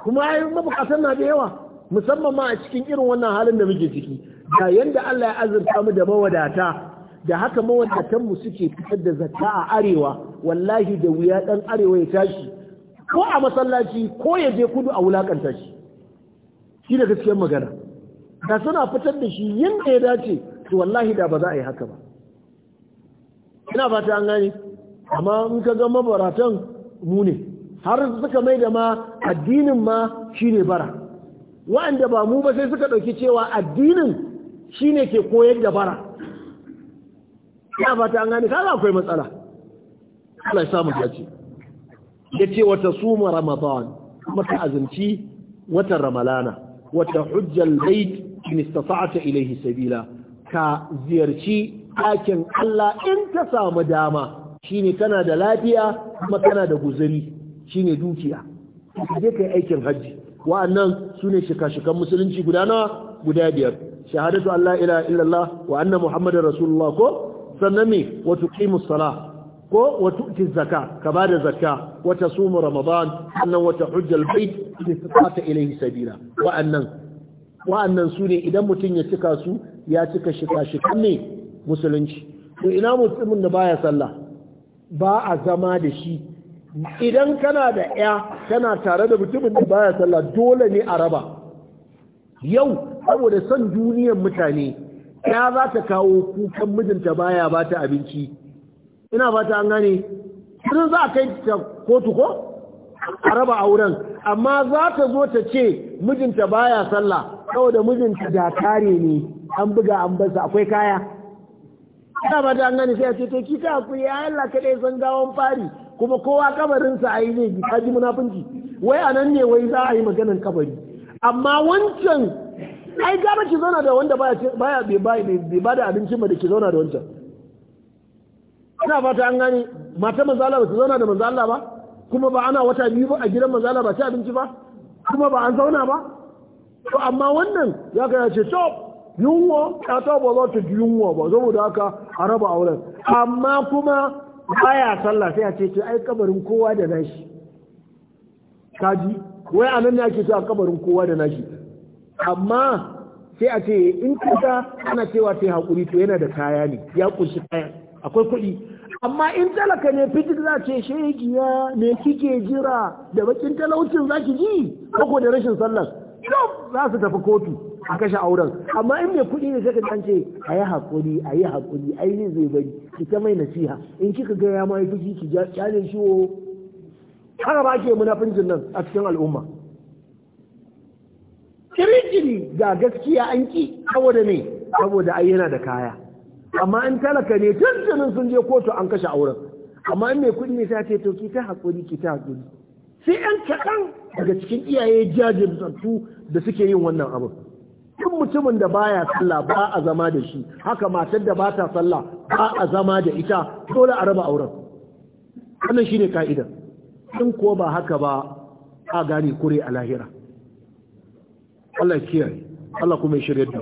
kuma ya yi mabukatan na da yawa musamman ma a cikin irin wannan halin da muke ciki da yadda Allah ya azurta mu da mawadata da haka mawadatan mu suke fitar da zakka a arewa wallahi da wuya dan arewa ya tashi ko a masallaci ko ya je kudu a wulakanta shi shi da gaskiyar magana da suna fitar da shi yadda ya dace to wallahi da ba za a yi haka ba ina fata an gani. amma in ka ga mabaratan mu ne har suka mai da ma addinin ma shi ne bara wa'anda ba mu ba sai suka ɗauki cewa addinin shi ne ke koyar da bara ina fata an gani kaga akwai matsala Allah ya samu dace ce wata suma ramadan mata azumci wata ramalana wata hujjal bait in istata'ta ilayhi sabila ka ziyarci ɗakin Allah in ta samu dama shi ne kana da lafiya kuma kana da guzuri ne dukiya ka je kai aikin hajji wa'annan ne shika-shikan musulunci guda nawa guda biyar shahadatu Allah ila illallah wa anna Muhammadu rasulullah ko sannan me wato tuqimus ko wato tu'ti zakka ka bada zakka wata sumu ramadan sannan wata tahujjal bait in istata ilayhi sabila wa'annan wa'annan ne idan mutum ya cika su ya cika shika-shikan ne musulunci to ina musulmin da baya sallah ba a zama da shi idan kana da ya kana tare da mutumin da baya sallah dole ne a raba yau saboda son duniyar mutane ya za ta kawo kukan mijinta baya ba ta abinci ina ba ta an gane sun za a kai ta kotu ko a raba auren amma za ta zo ta ce mijinta baya sallah saboda mijinta da kare ne an buga an basa akwai kaya ina ba an gane sai a ce to ki ku ya Allah Allah kaɗai san gawan fari kuma kowa kabarin sa yi zai ka ji wai a nan ne wai za a yi maganar kabari amma wancan ai gara ki zauna da wanda baya bai ba da abincin ba da ki zauna da wancan ina fata an gane mata manzala ba su zauna da manzala ba kuma ba ana wata biyu ba a gidan manzala ba ci abinci ba kuma ba an zauna ba to amma wannan ya ya ce to yunwa ya ta ba za ta ji yunwa ba saboda haka a raba auren amma kuma baya sallah sai a ce ce ai kabarin kowa da nashi kaji wai a nan yake ake kabarin kowa da nashi amma sai a ce in kasa ana cewa sai hakuri to yana da kaya ne ya kunshi kaya akwai kuɗi amma in talaka ne fitik za ce shegiya me kike jira da bakin talaucin za ki ji ko da rashin sallar za su tafi kotu a kashe auren amma in mai kuɗi ne sai ka ce "Ayi yi haƙuri a yi haƙuri a zai bari ki ta mai nasiha in kika ga ya ma yi ki kyale shi wo haka ba ke munafincin nan a cikin al'umma kirikiri ga gaskiya an ki saboda me saboda ai yana da kaya amma in talaka ne tantanin sun je kotu an kashe auren amma in mai kuɗi ne sai ce to ki ta haƙuri ki ta haƙuri sai 'yan kaɗan daga cikin iyaye jajirtattu da suke yin wannan abin duk mutumin da baya sallah ba a zama da shi haka matar da ba ta sallah ba a zama da ita dole a raba auren wannan shine ka'idar in ko ba haka ba a gane kure a lahira Allah kiyaye Allah kuma ya shirye da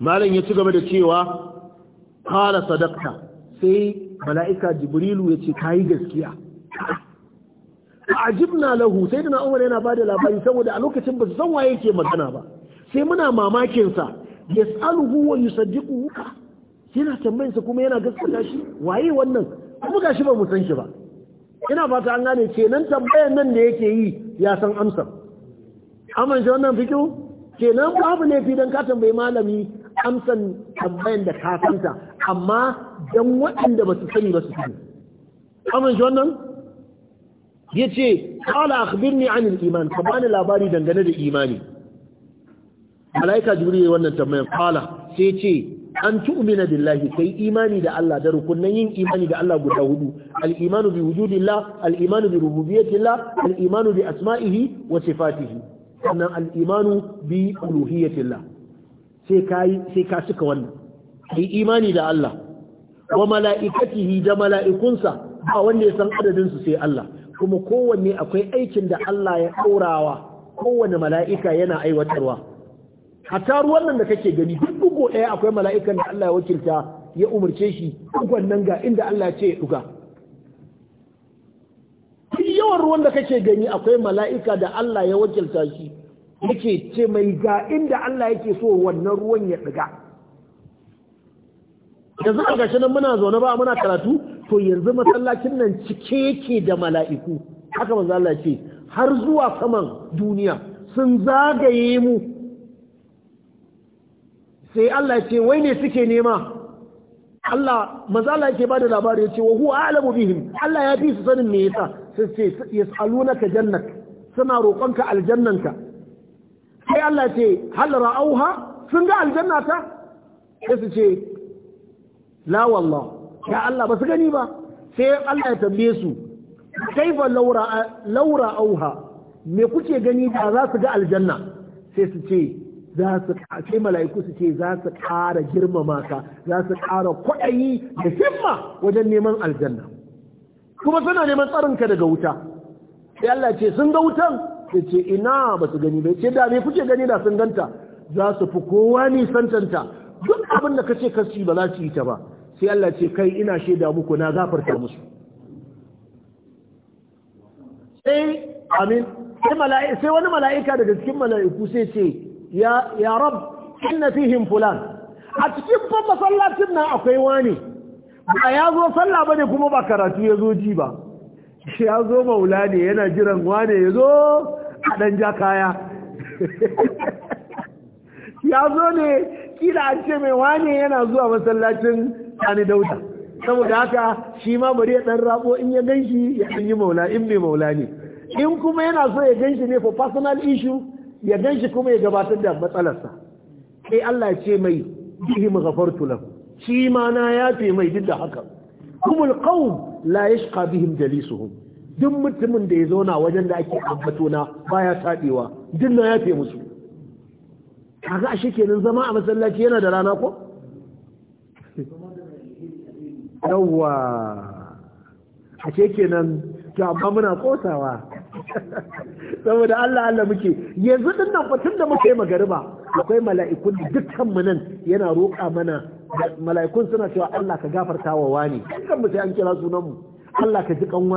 malam ya ci gaba da cewa qala sadaqta sai mala'ika jibrilu ya ce kayi gaskiya ajibna lahu sayyidina umar yana bada labari saboda a lokacin ba zan san waye yake magana ba sai muna mamakinsa ya yas'aluhu wa yusaddiquhu yana tambayinsa kuma yana gaskata shi waye wannan kuma shi ba mu san shi ba ina fata an gane kenan tambayan nan da yake yi ya san amsar aman shi wannan fito kenan babu ne fidan ka tambayi malami amsan tambayan da ka santa amma dan waɗanda ba su sani ba su sani aman shi wannan ce kala akhbirni anil iman ka bani labari dangane da imani malaika jibril wannan tambayar qala sai ce an tu'mina billahi kai imani da Allah da rukunan yin imani da Allah guda hudu al-imanu bi wujudillah al-imanu bi rububiyyatillah al-imanu bi asma'ihi wa sifatihi sannan al-imanu bi uluhiyyatillah sai kai sai ka suka wannan kai imani da Allah wa mala'ikatihi da mala'ikunsa ba wanda ya san adadin su sai Allah kuma kowanne akwai aikin da Allah ya daurawa kowanne mala'ika yana aiwatarwa hatta ruwan nan da kake gani duk dugo ɗaya akwai mala'ikan da Allah ya wakilta ya umarce shi dugon nan ga inda Allah ya ce ya duga duk yawan ruwan da kake gani akwai mala'ika da Allah ya wakilta shi yake ce mai ga inda Allah yake so wannan ruwan ya duga yanzu a gashi nan muna zaune ba muna karatu to yanzu masallacin nan cike yake da mala'iku haka manzo Allah ce har zuwa saman duniya sun zagaye mu sai Allah ce wai ne suke nema Allah maza Allah yake bada labari yace wa huwa a'lamu bihim Allah ya fi su sanin me yasa sai ce yasalunaka jannat suna roƙonka aljannanka sai Allah ce hal ra'auha sun ga aljannata sai su ce la wallah ya Allah ba su gani ba sai Allah ya tambaye su kaifa laura laura auha me kuke gani da za su ga aljanna sai su ce za su sai mala'iku su ce za su ƙara girmama ka za su ƙara kwaɗayi da himma wajen neman aljanna kuma suna neman ka daga wuta sai Allah ce sun ga wutan sai ce ina ba su gani bai ce da me kuke gani da sun ganta za su fi kowa ni nisantanta duk abin da kace kasu ba za su yi ta ba sai Allah ce kai ina shaida muku na gafarta musu sai amin sai wani mala'ika daga cikin mala'iku sai ce ya ya rab inna fihim fulan a cikin fa masallacin nan akwai wani ba ya zo sallah bane kuma ba karatu ya zo ji ba ya zo maula ne yana jiran wane ya zo a dan ja kaya ya zo ne kila an ce mai wane yana zuwa masallacin sani dauda saboda haka shi ma bari ya dan rabo in ya ganshi ya yi maula in mai maula ne in kuma yana so ya ganshi ne for personal issue ya gan shi kuma ya gabatar da matsalarsa kai Allah ce mai bihi maghafartu lahu shi ma na yafe mai duk da haka kumul qawm la yashqa bihim jalisuhum duk mutumin da ya zauna wajen da ake ambato na baya tadewa duk na yafe musu kaga ashe kenan zama a masallaci yana da rana ko yawwa ashe kenan to amma muna kotawa saboda Allah Allah muke yanzu din nan fatin da muka yi magariba akwai mala'ikun dukkan mu nan yana roƙa mana mala'ikun suna cewa Allah ka gafarta wa wani dukkan mu sai an kira sunan mu Allah ka ji kan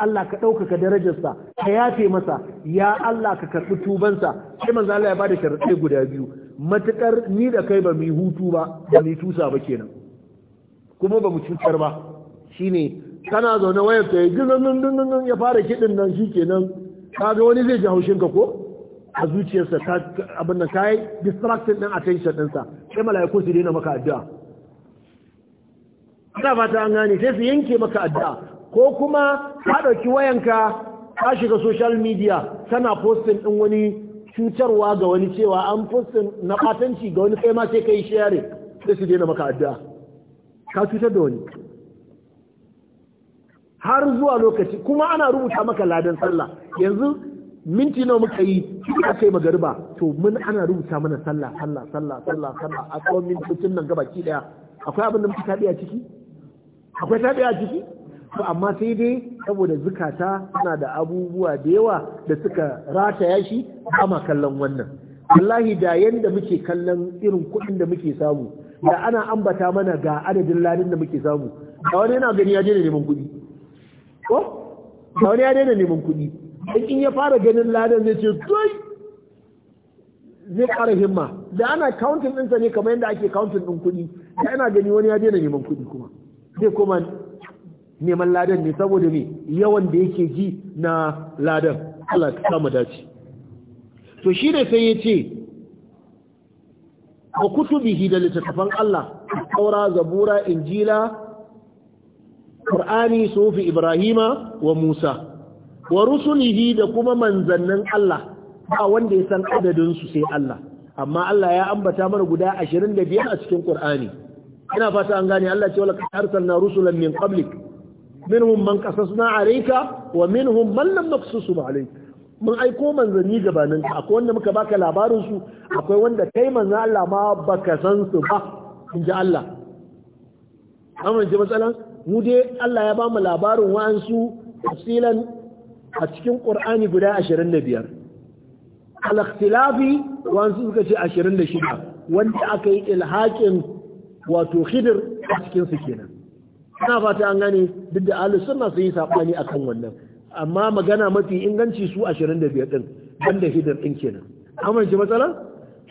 Allah ka ɗaukaka darajarsa ka yafe masa ya Allah ka karɓi tubansa sai manzo Allah ya bada sharaɗai guda biyu matukar ni da kai ba mu hutu ba ba mu tusa ba kenan kuma ba mu cutar ba shine kana zaune wayar ta yi dindindindindin ya fara kiɗin nan shi kenan kaga wani zai ji haushin ka ko a zuciyarsa ta abin nan yi distracting ɗin attention ɗinsa sai mala'iku su daina maka addu'a ina fata an gane sai su yanke maka addu'a ko kuma ka ɗauki wayanka ka shiga social media kana posting ɗin wani cutarwa ga wani cewa an postin na ɓatanci ga wani sai ma sai ka yi share sai su daina maka addu'a ka cutar da wani har zuwa lokaci kuma ana rubuta maka ladan sallah yanzu minti nawa muka yi a kai magariba to mun ana rubuta mana sallah sallah sallah sallah sallah a tsawon mintocin nan gaba ki daya akwai abin da muka tabi a ciki akwai tabi a ciki to amma sai dai saboda zukata tana da abubuwa da yawa da suka rataya shi ba kallon wannan wallahi da yanda muke kallon irin kuɗin da muke samu da ana ambata mana ga adadin ladin da muke samu da wani yana gani ya je da neman kuɗi ko da wani ya daina neman kuɗi in ya fara ganin ladan zai ce zai ƙara himma da ana kauntin ɗinsa ne kamar yadda ake kauntin ɗin kuɗi da ana gani wani ya daina neman kuɗi kuma zai koma neman ladan ne saboda me yawan da yake ji na ladan Allah ka samu dace to shi ne sai ya ce wa kutubihi da littattafan Allah taura zabura injila Qur'ani sufi Ibrahima wa Musa wa rusulihi da kuma manzannin Allah ba wanda ya san adadin su sai Allah amma Allah ya ambata mana guda 25 a cikin Qur'ani ina fata an gane Allah ce wala arsalna rusulan min qablik minhum man qasasna alayka wa minhum man lam naqsusum alayka mun aiko Manzani gabanin ka akwai wanda muka baka labarin su akwai wanda kai manzan Allah ma baka san su ba Inji Allah amma ji matsalan mu dai Allah ya bamu labarin wa'ansu tafsilan a cikin Qur'ani guda 25 al-ikhtilafi wa'ansu suka ce 26 wanda aka yi ilhaqin wato khidir a cikin su kenan ina fata an gane duk da ahlus sunna sun yi sabani akan wannan amma magana mafi inganci su 25 din banda hidir din kenan amma ji matsala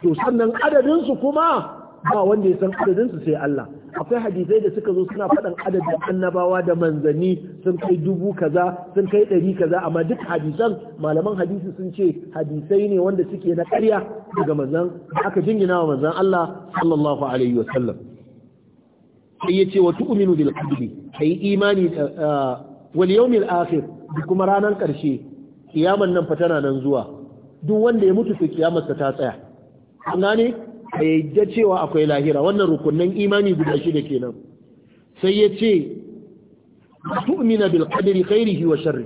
to sannan adadin su kuma ba wanda ya san adadin su sai Allah akwai hadisai da suka zo suna faɗan adadin annabawa da manzanni sun kai dubu kaza sun kai ɗari kaza amma duk hadisan malaman hadisi sun ce hadisai ne wanda suke na ƙarya daga manzan aka jingina wa manzan Allah sallallahu alaihi wa sallam sai ya ce wa tu'minu bil qadri kai imani eh, eh, wal yawmil akhir kuma ranar ƙarshe kiyaman nan fa tana nan zuwa duk wanda ya mutu sai kiyamarsa ta tsaya an gane a yadda cewa akwai lahira wannan rukunin imani guda shida kenan sai ya ce tu'mina bil qadri khairihi wa sharri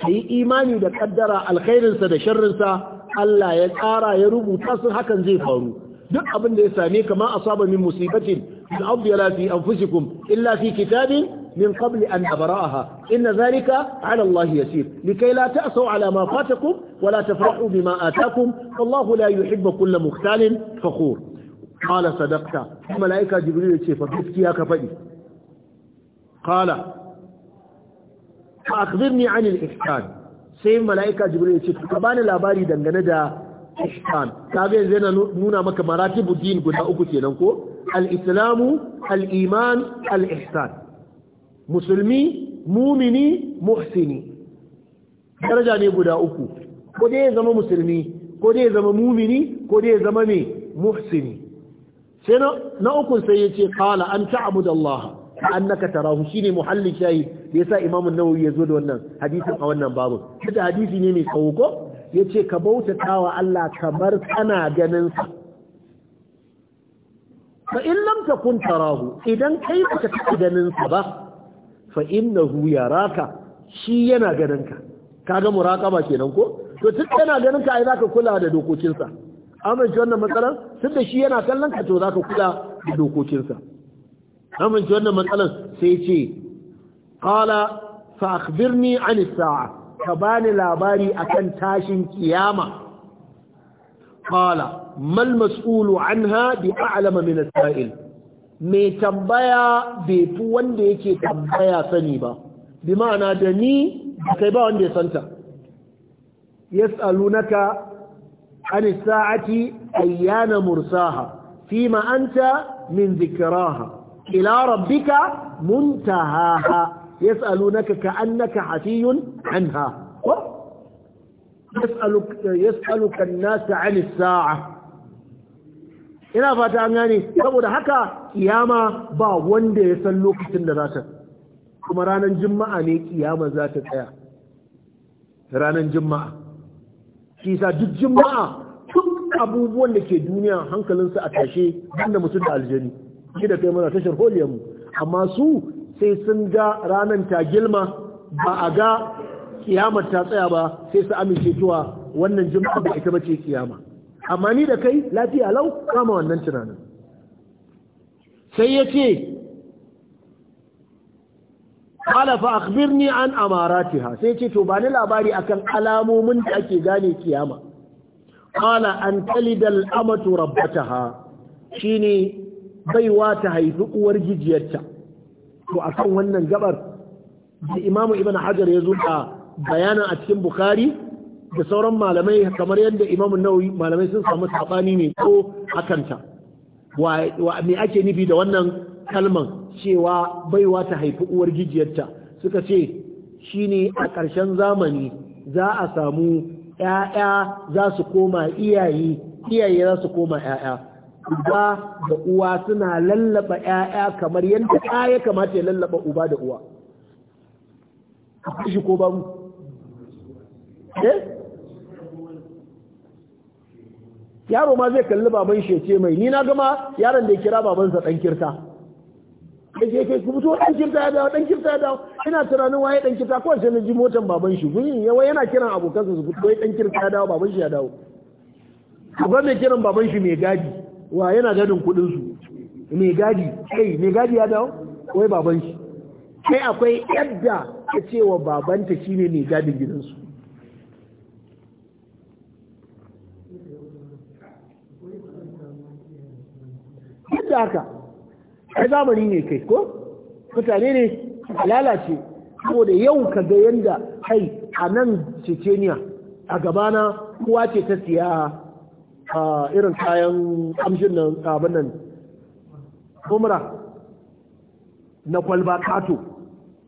kai imani da kaddara alkhairinsa da sharrinsa Allah ya tsara ya rubuta su hakan zai faru duk abin da ya same ka ma asaba min musibatin in abdu la fi anfusikum illa fi kitabin من قبل أن أبرأها إن ذلك على الله يسير لكي لا تأسوا على ما فاتكم ولا تفرحوا بما آتاكم والله لا يحب كل مختال فخور قال صدقت ملائكة جبريل يقول فبسكيها كفدي قال فأخبرني عن الإحسان سيم ملائكة جبريل يقول كبان الأباري دنجندا ihsan kaga yanzu yana nuna maka maratibu din guda uku kenan ko al-islamu al-iman al-ihsan musulmi mumini muhsini daraja ne guda uku ko dai ya zama musulmi ko dai ya zama mumini ko dai ya zama mai muhsini sai na ukun sai yace qala an ta'budallaha annaka tarahu shine muhallin shayi da yasa Imam an-Nawawi yazo da wannan hadisin a wannan babu da hadisi ne mai tsawo ko yace ka wa Allah kamar kana ganin sa fa in lam takun tarahu idan kai baka taɓa ganin sa ba fa innahu yaraka shi yana ganin ka kaga muraqaba kenan ko to duk yana ganin ka ai zaka kula da dokokinsa amince wannan matsalar tun shi yana kallon to zaka kula da dokokinsa amince wannan matsalar sai ce qala fa akhbirni an as-sa'a ka bani labari akan tashin kiyama qala mal mas'ulu anha bi a'lama min as-sa'il mai tambaya bai fi wanda yake tambaya sani ba bi ma'ana da ni kai ba wanda ya santa yas'alunaka an sa'ati ayyana mursaha fima ma'anta min zikraha ila rabbika muntahaha yas'alunaka ka'annaka hafiyun anha yas'aluka yas'aluka an-nas 'an as-sa'ah ina fata an gane saboda haka kiyama ba wanda ya san lokacin da za ta kuma ranar juma'a ne kiyama za ta tsaya ranar juma'a shi sa duk juma'a duk abubuwan da ke duniya hankalinsu a tashe wanda mutum da aljani shi da kai mana tashar holiyanmu amma su sai sun ga ranar ta gilma ba a ga kiyamar ta tsaya ba sai su amince cewa wannan juma'a ba ita bace kiyama amma ni da kai lafiya lau kama wannan tunanin sai ya ce ƙala fa akhbirni an amaratiha sai ce to bani labari akan alamomin da ake gane kiyama ƙala an talidal amatu rabbataha shine baiwa ta haifi uwar gijiyarta to akan wannan gabar da imamu ibn hajar ya zo a bayanin a cikin bukhari da sauran malamai kamar yadda Imam Nawawi malamai sun samu saɓani ne ko akanta wa me ake nufi da wannan kalman cewa baiwa ta haifi uwar gijiyarta suka ce shine a ƙarshen zamani za a samu ‘ya'ya za su koma iyaye, iyaye za su koma ‘ya'ya. Uba da uwa suna lallaba ‘ya'ya kamar yadda ya kamata ya lallaba uba da uwa. a shi ko mu Eh? yaro ma zai kalli baban shi ce mai ni na gama yaron da ya kira babansa dan kirta kace kai ku fito dan kirta ya dawo dan kirta ya dawo ina tunanin waye dan kirta ko sai na ji motan baban shi guyin yawa yana kiran abokansa su fito dan kirta ya dawo baban shi ya dawo ga mai kiran baban shi mai gadi wa yana gadin kudin su mai gadi kai mai gadi ya dawo wai baban shi kai akwai yadda ta ce wa babanta shine mai gadin gidansu da haka ai zamani ne kai ko mutane ne lalace saboda yau ka ga yanda kai a nan ceceniya a gabana kowa ce ta siya a irin kayan amshin nan abin nan umra na kwalba kato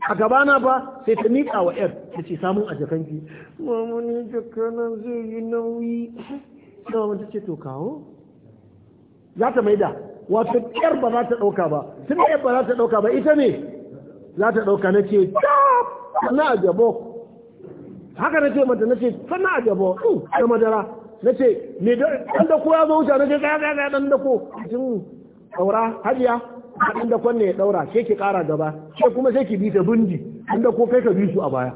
a gabana ba sai ta miƙa wa ƴar ta ce samun a jakanki mamuni jakanan zai yi nauyi dama ta ce to kawo za ta maida wato ƙyar ba za ta ɗauka ba tun da ba za ta ɗauka ba ita ne za ta ɗauka na ce na a jabo haka na ce mata na ce sana a jabo hmm, da madara na ce me ɗan da ko ya zo wuce na ce ɗaya ɗaya ɗan da ko jin ɗaura hajiya ɗan da kwanne ya ɗaura ke ki ƙara gaba ke kuma sai ki bi ta bindi ɗan da ko kai ka bi su a baya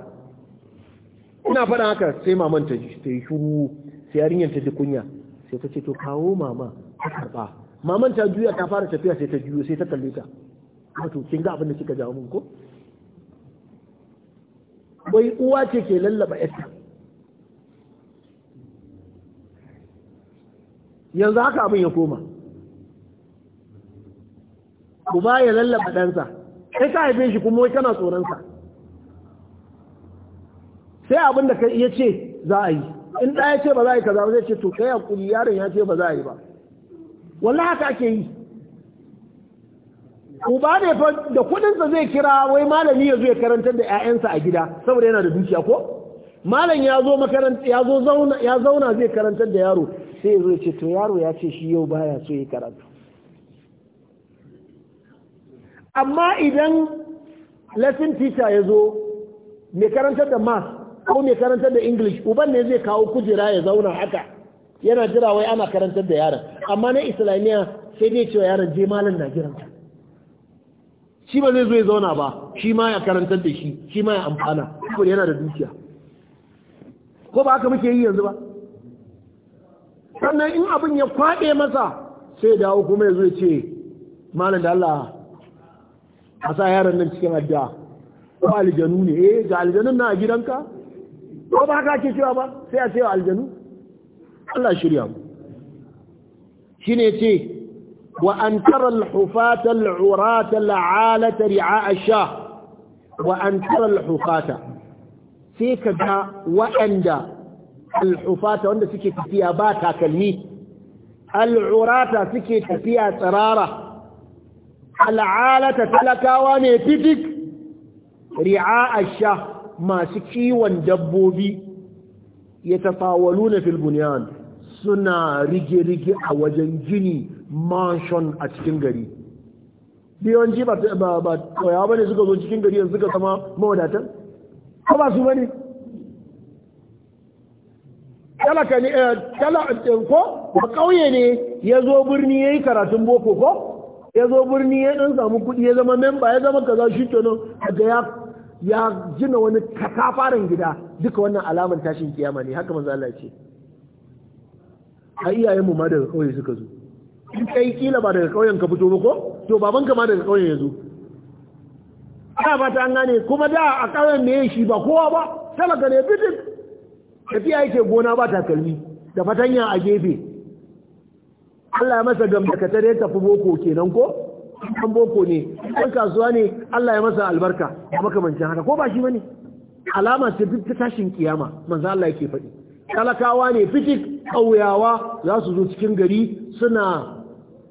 ina faɗa haka sai maman ta yi shuru sai yarinyar ta ji kunya sai ta ce to kawo mama ta karɓa maman ta juya ta fara tafiya sai ta juyo sai ta kalle ta wato kin ga abin da kika jawo mun ko wai uwa ce ke lallaba yarta yanzu haka abin ya koma kuma ya lallaba ɗansa sai ka haife shi kuma wai kana tsoronsa sai abin da ka iya ce za a yi in ɗaya ce ba za a yi kaza zai ce to kai hakuri yaron ya ce ba za a yi ba wallahi haka ake yi uba ne fa da kudinsa zai kira wai malami ya zo ya karantar da 'ya'yansa a gida saboda yana da dukiya ko malam ya zo makaranta ya zo zauna ya zauna zai karantar da yaro sai ya zo ya ce to yaro ya ce shi yau baya so ya karanta. amma idan lesson teacher ya zo mai karantar da math ko mai karantar da english uban ne zai kawo kujera ya zauna haka yana jira wai ana karantar da yaran amma na islamiyya sai dai cewa yaran je malam na jiran shi ba zai zo ya zauna ba shi ma ya karantar da shi shi ma ya amfana ko yana da dukiya ko ba haka muke yi yanzu ba sannan in abin ya kwaɗe masa sai ya dawo kuma ya zo ya ce malam da Allah a sa yaron nan cikin addu'a ko aljanu ne eh ga aljanun na a gidanka ko ba haka ake cewa ba sai a cewa aljanu Allah shirya mu shine ce wa an tara al-hufata al-urata al-alata ri'a shah wa an tara al-hufata sai kaga wa'anda al-hufata wanda suke tafiya ba takalmi al-urata suke tafiya tsarara al'alata talakawa ne fitik ri'aa asha masu kiwon dabbobi ya tafawalu na filbuniyan suna rige-rige a wajen gini mansion a cikin gari ji ba ba ba ne suka zo cikin gari yanzu suka zama mawadatan ko ba su ba ne talaka ne eh, eh, ko ba kauye ne ya zo birni ya yi karatun boko ko ya zo birni ya ɗan samu kuɗi ya zama memba ya zama kaza shi tono daga ya ya gina wani katafaren gida duka wannan alamar tashin kiyama ne haka manzo Allah ce a iyayenmu ma daga kauye suka zo in kai kila ba daga kauyen ka fito ba ko to baban ka ma daga kauyen ya zo ta ba ta gane kuma da a kauyen ne shi ba kowa ba talaka ne bitin tafiya yake gona ba takalmi da fatanya a gefe Allah ya masa gamdakatar ya tafi boko kenan ko an boko ne an kasuwa ne Allah ya masa albarka da makamancin haka ko ba shi bane alama ce duk tashin kiyama manzo Allah yake faɗi talakawa ne fitik ƙauyawa za su zo cikin gari suna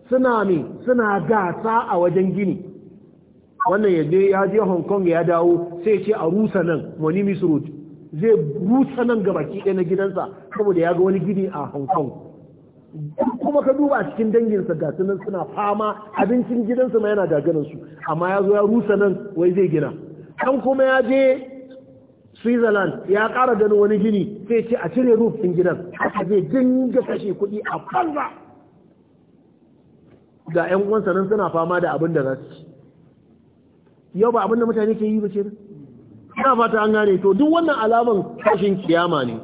suna ne suna gasa a wajen gini wannan yadda ya je hong kong ya dawo sai ce a rusa nan wani misrud zai rusa nan ga baki ɗaya na gidansa saboda ya ga wani gini a hong kong kuma ka duba cikin danginsa ga nan suna fama abincin gidansa ma yana gaganin amma ya zo ya rusa nan wai zai gina kan kuma ya je switzerland ya ƙara ganin wani gini sai ce a cire roof ɗin gidan haka zai dinga kashe kuɗi a banza ga 'yan uwansa nan suna fama da abin da za su ci yau ba abin da mutane ke yi ba ce ina fata an gane to duk wannan alaman kashin kiyama ne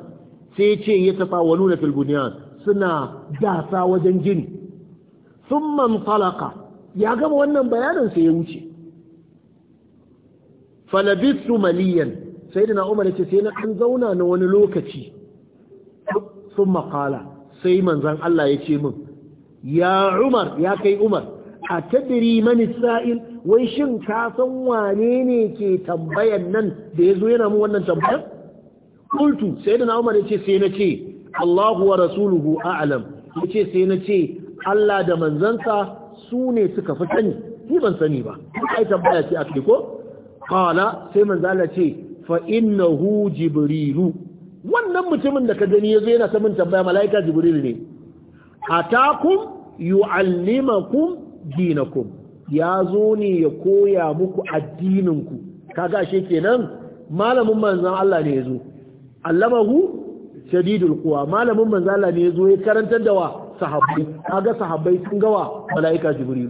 sai ce ya tafa wa nuna filbuniya suna gasa wajen gini sun man falaka ya gama wannan bayanin sai ya wuce falabistu maliyan sai da umar ya ce sai na ɗan zauna na wani lokaci sun makala sai manzan Allah ya ce min ya umar ya kai umar a tabiri mani sa'il wai shin ka san wane ne ke tambayan nan da ya zo yana mu wannan tambayar? kultu sai da umar ya ce sai na ce Allahu wa rasuluhu a'alam ya ce sai na ce Allah da manzansa su ne suka fi sani ni ban sani ba ai tambaya ce a ko qala sai manzala ce fa innahu jibrilu wannan mutumin da ka gani yazo yana ta min tambaya malaika jibril ne atakum yuallimakum dinakum ya zo ne ya koya muku addininku kaga ashe kenan malamin manzon Allah ne yazo allamahu shadidul quwa malamin manzon Allah ne yazo ya karantar da wa sahabbai kaga sahabbai sun gawa malaika jibril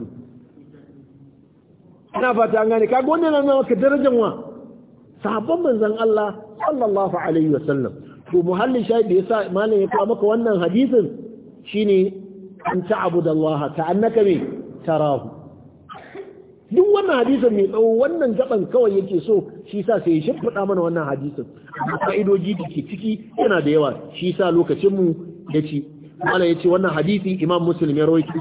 ina fata an gane kaga wannan nan ka darajar wa sahabban manzon Allah sallallahu alaihi wa sallam, to muhallin shahid yasa malam ya kawo maka wannan hadisin shine an ta ta'budallaha ka'annaka bi tarahu duk wannan hadisin mai tsawo wannan gaban kawai yake so shi sa sai ya shimfiɗa mana wannan hadisin amma ka'idoji da ke ciki yana da yawa shi sa lokacin mu ya ci Malam ya ce wannan hadisi imam muslim ya rawaito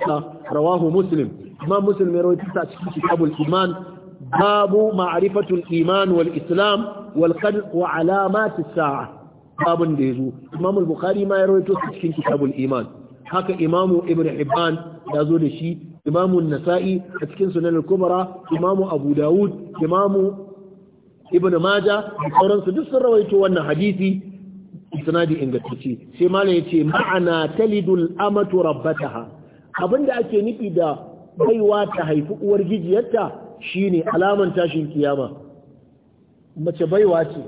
rawahu muslim imam muslim ya rawaito sa cikin kitabul iman babu ma'rifatul iman wal islam wal qadr wa alamati sa'a babun da yazo imam al-bukhari ma ya rawaito cikin kitabul iman haka imamu ibn hibban ya zo da shi imamu nasa'i a cikin sunan al-kubra imamu abu dawud imamu ibn majah da sauransu duk sun rawaito wannan hadisi isnadi ingantacce sai malam yace ma'ana talidul amatu rabbataha abinda ake nufi da baiwa ta haifi uwar gijiyarta Shi ne alaman tashin kiyama mace baiwa ce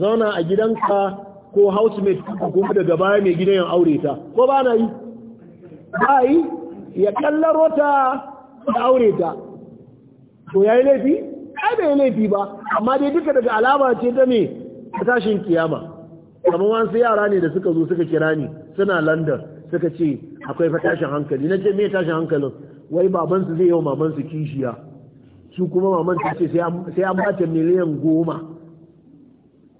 zauna a gidanka ko housemate kuma daga baya mai gidan yan aure ta ko ba na yi ba yi ya kallaro ta da aure ta to ya yi laifi ai bai laifi ba amma dai duka daga alama ce ta ne? ta tashin kiyama kamar wasu yara ne da suka zo suka kira ni suna london suka ce akwai fa tashin hankali na ce me tashin hankalin wai babansu zai yi wa mamansu kishiya su kuma maman ta ce sai an bata miliyan goma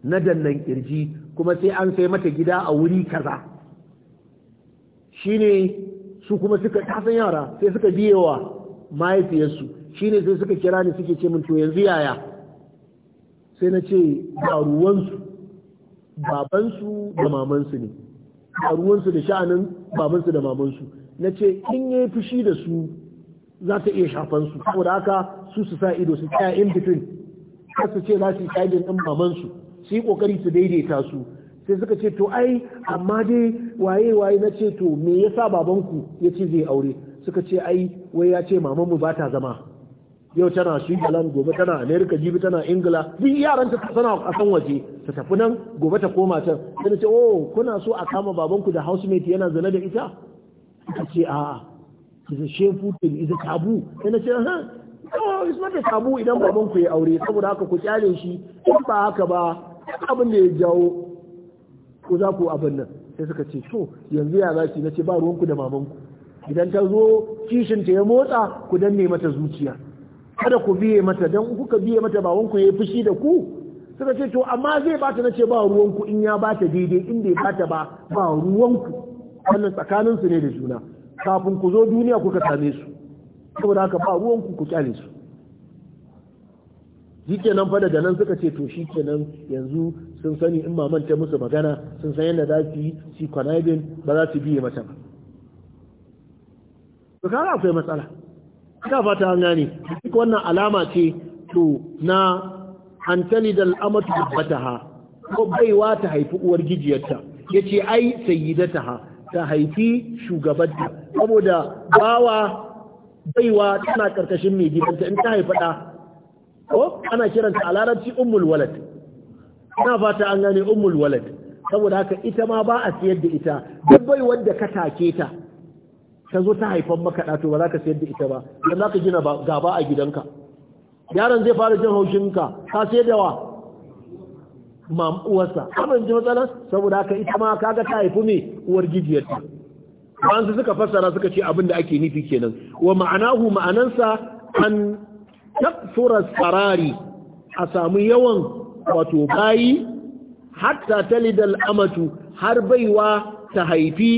na dannan kirji kuma sai an sai mata gida a wuri kaza shine su kuma suka tasan yara sai suka biyewa mahaifiyarsu shine sai suka kira ni suke ce min to yanzu yaya sai na ce ba ruwansu babansu da mamansu ne ba ruwansu da sha'anin babansu da mamansu na ce in yi fushi da su za ta iya shafan su saboda haka su su sa ido su tsaya in between kar su ce za su yi shaidin ɗan mamansu su yi ƙoƙari su daidaita su sai suka ce to ai amma dai waye waye na ce to me yasa babanku ya ce zai aure suka ce ai wai ya ce mamanmu ba ta zama yau tana Switzerland gobe tana America jibi tana Ingila duk yaran ta tana kasan waje ta tafi nan gobe ta koma can sai ce oh kuna so a kama babanku da housemate yana zane da ita suka ce a'a is a shameful thing is a taboo ce ha not a taboo idan baban ku ya aure saboda haka ku kyale shi in ba haka ba abin da ya jawo ko za ku abin nan sai suka ce to yanzu ya za ki na ce ba ruwanku da ku idan ta zo kishin ta ya motsa ku danne mata zuciya kada ku biye mata dan kuka biye mata babanku ya yi fushi da ku suka ce to amma zai bata na ce ba ruwanku in ya bata daidai in bai bata ba ba ruwanku wannan tsakaninsu ne da juna kafin ku zo duniya kuka same su saboda haka ba ruwan ku ku kyale su shikenan fa daga nan suka ce to shikenan yanzu sun sani in maman ta musu magana sun san yadda za su yi su kwanaibin ba za su biye mata ba to kaga akwai matsala ina fata an gane duk wannan alama ce to na hantali da al'amatu bataha ko baiwa ta haifi uwar gijiyarta ce ai sayyidataha ta haifi shugabanta saboda bawa baiwa tana karkashin mai gidanta in ta haifa ɗa ko ana kiranta a larabci ummul walad ina fata an gane ummul walad saboda haka ita ma ba a siyar da ita duk bai wanda ka take ta ta zo ta haifan maka ɗa to ba za ka siyar da ita ba don za ka gina gaba a gidanka yaron zai fara jin haushinka ka siyar da wa mam uwarsa abin ji matsalar saboda haka ita ma kaga ta haifi me uwar gijiyarta an su suka fassara suka ce abin da ake nufi kenan wa ma'anahu ma'anansa an tafsura sarari a samu yawan wato bayi hatta talidal amatu har baiwa ta haifi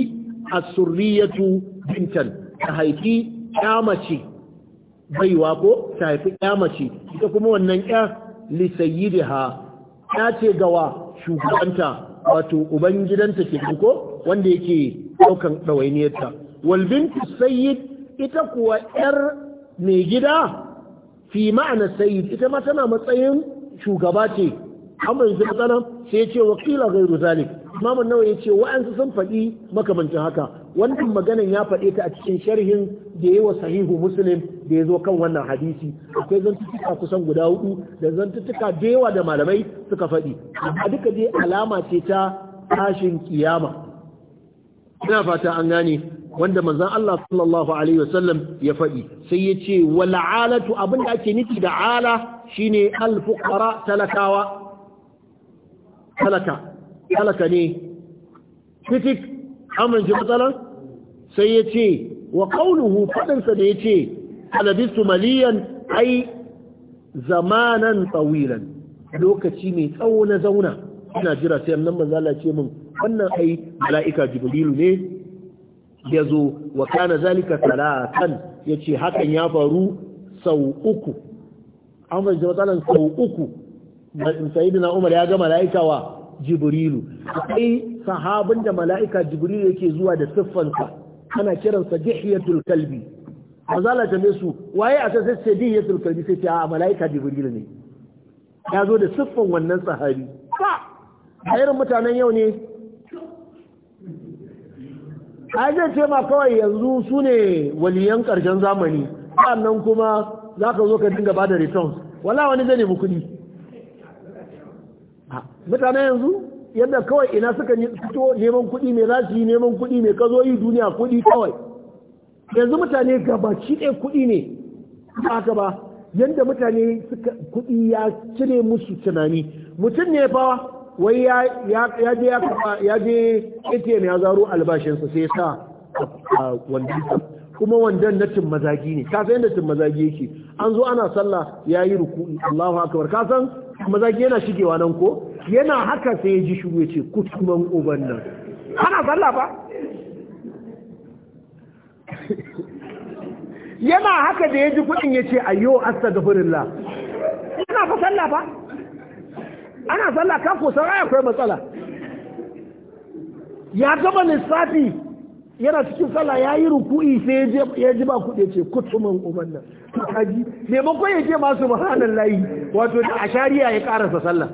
asurriyatu bintan ta haifi kyamace baiwa ko ta haifi kyamace ita kuma wannan kya lisayidiha ya ce gawa shugabanta wato ubangidanta ke ko wanda yake daukan ɗawainiyarta walbintu sayyid ita kuwa yar mai gida fi ma'ana sayyid ita ma tana matsayin shugaba ce amma yanzu matsalan sai ya ce wakila gairu zalik imamun nawa ya ce wa'ansu sun faɗi makamancin haka wannan maganan ya faɗe ta a cikin sharhin da yi wa sahihu muslim da ya zo kan wannan hadisi akwai zantuttuka kusan guda hudu da zantuttuka da yawa da malamai suka faɗi amma duka dai alama ce ta tashin kiyama ina fata an gane wanda manzon Allah sallallahu alaihi wasallam ya faɗi sai ya ce wal alatu abin da ake niki da ala shine al fuqara talakawa talaka talaka ne fitik amince matsalar sai ya ce wa ƙaunuhu faɗinsa da ya ce alabistu maliyan ai zamanan tsawiran lokaci mai tsawo na zauna ina jira sai annan manzala ce min wannan ai mala'ika jibrilu ne ya zo wa kana zalika talatan yace hakan ya faru sau uku an fahimci matsalan sau uku sayyidina umar ya ga mala'ika wa jibrilu akwai sahabin da mala'ika jibrilu yake zuwa da siffansa ana kiransa jihiyatul kalbi azala ta su waye a sai sai din yasul kalbi sai ta malaika jibril ne ya zo da siffan wannan sahabi ba a irin mutanen yau ne a zai ce ma kawai yanzu su ne waliyan karshen zamani sannan kuma za ka zo ka dinga ba da returns wala wani zai nemi kuɗi mutanen yanzu yadda kawai ina suka fito neman kuɗi mai za su yi neman kuɗi mai ka yi duniya kuɗi kawai yanzu mutane gabaci ɗaya kuɗi ne haka ba yadda mutane suka kuɗi ya cire musu tunani mutum ne fa wai ya je ya kafa ya je ATM ya zaro albashinsa sai ya sa a kuma wandon na cin mazagi ne ka san yadda cin mazagi yake an zo ana sallah ya yi ruku'i Allahu akbar ka san mazagi yana shigewa nan ko yana haka sai ya ji shiru ya ce kutuman uban nan ana sallah ba yana haka da ya ji kuɗin ya ce ayyo la. yana fa sallah ba ana sallah kan ko sarai akwai matsala ya gaba lissafi yana cikin sallah ya yi ruku'i sai ya ji ba kuɗi ce kutumin umarna kaji maimakon ya ce masu mahanan layi wato da a shari'a ya karasa sallah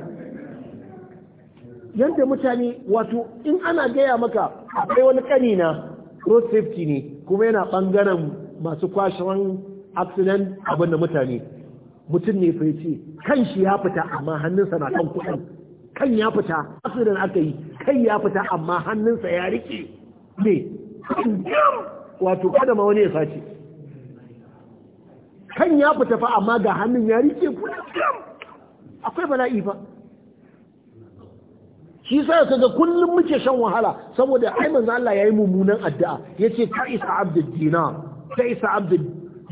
yadda mutane wato in ana gaya maka akwai wani kanina road safety ne kuma yana bangaren masu kwashewan accident abin da mutane mutum ne fai ce kan shi ya fita amma hannunsa na kan kuɗin kan ya fita asirin aka yi kan ya fita amma hannunsa ya rike ne wato kada ma wani ya sace kan ya fita fa amma ga hannun ya rike kuɗin akwai bala'i fa shi sa ga kullum muke shan wahala saboda ai manzo Allah yayi mummunan addu'a yace ka isa abdul dinar ka isa abdul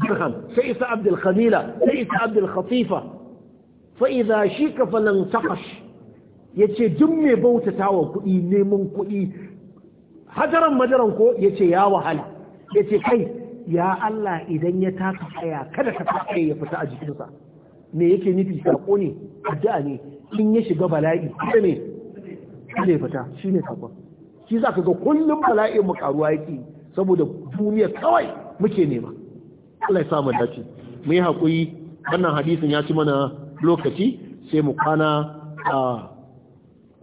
dirham ka isa abdul khamila ka isa abdul khatifa fa idha shika falan taqash yace duk mai wa kuɗi neman kuɗi hajaran majaran ko yace ya wahala yace kai ya Allah idan ya taka haya kada ka taka ya fita a jikinsa me yake nufi sako ne addu'a ne in ya shiga bala'i kada ne ne fita shi ne sakon shi za ka ga kullum bala'in mu karuwa yake saboda duniya kawai muke nema Allah ya sa mu dace mu yi hakuri wannan hadisin ya ci mana lokaci sai mu kwana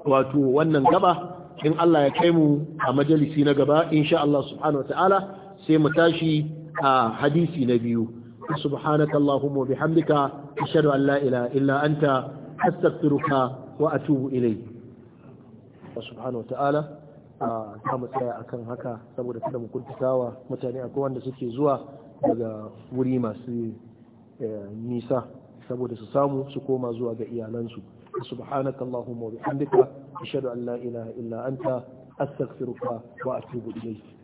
wato wannan gaba in Allah ya kai mu a majalisi na gaba insha Allah subhanahu wataala sai mu tashi a hadisi na biyu سبحانك اللهم وبحمدك ashhadu an لا ilaha illa anta astaghfiruka wa atubu subhanahu wa ta'ala za mu tsaya akan haka saboda kada mu kuntatawa mutane a wanda suke zuwa daga wuri masu eh, nisa saboda su samu su koma zuwa ga iyalansu subhanaka allahumma wa bihamdika ashhadu an la ilaha illa anta astaghfiruka wa atubu ilayk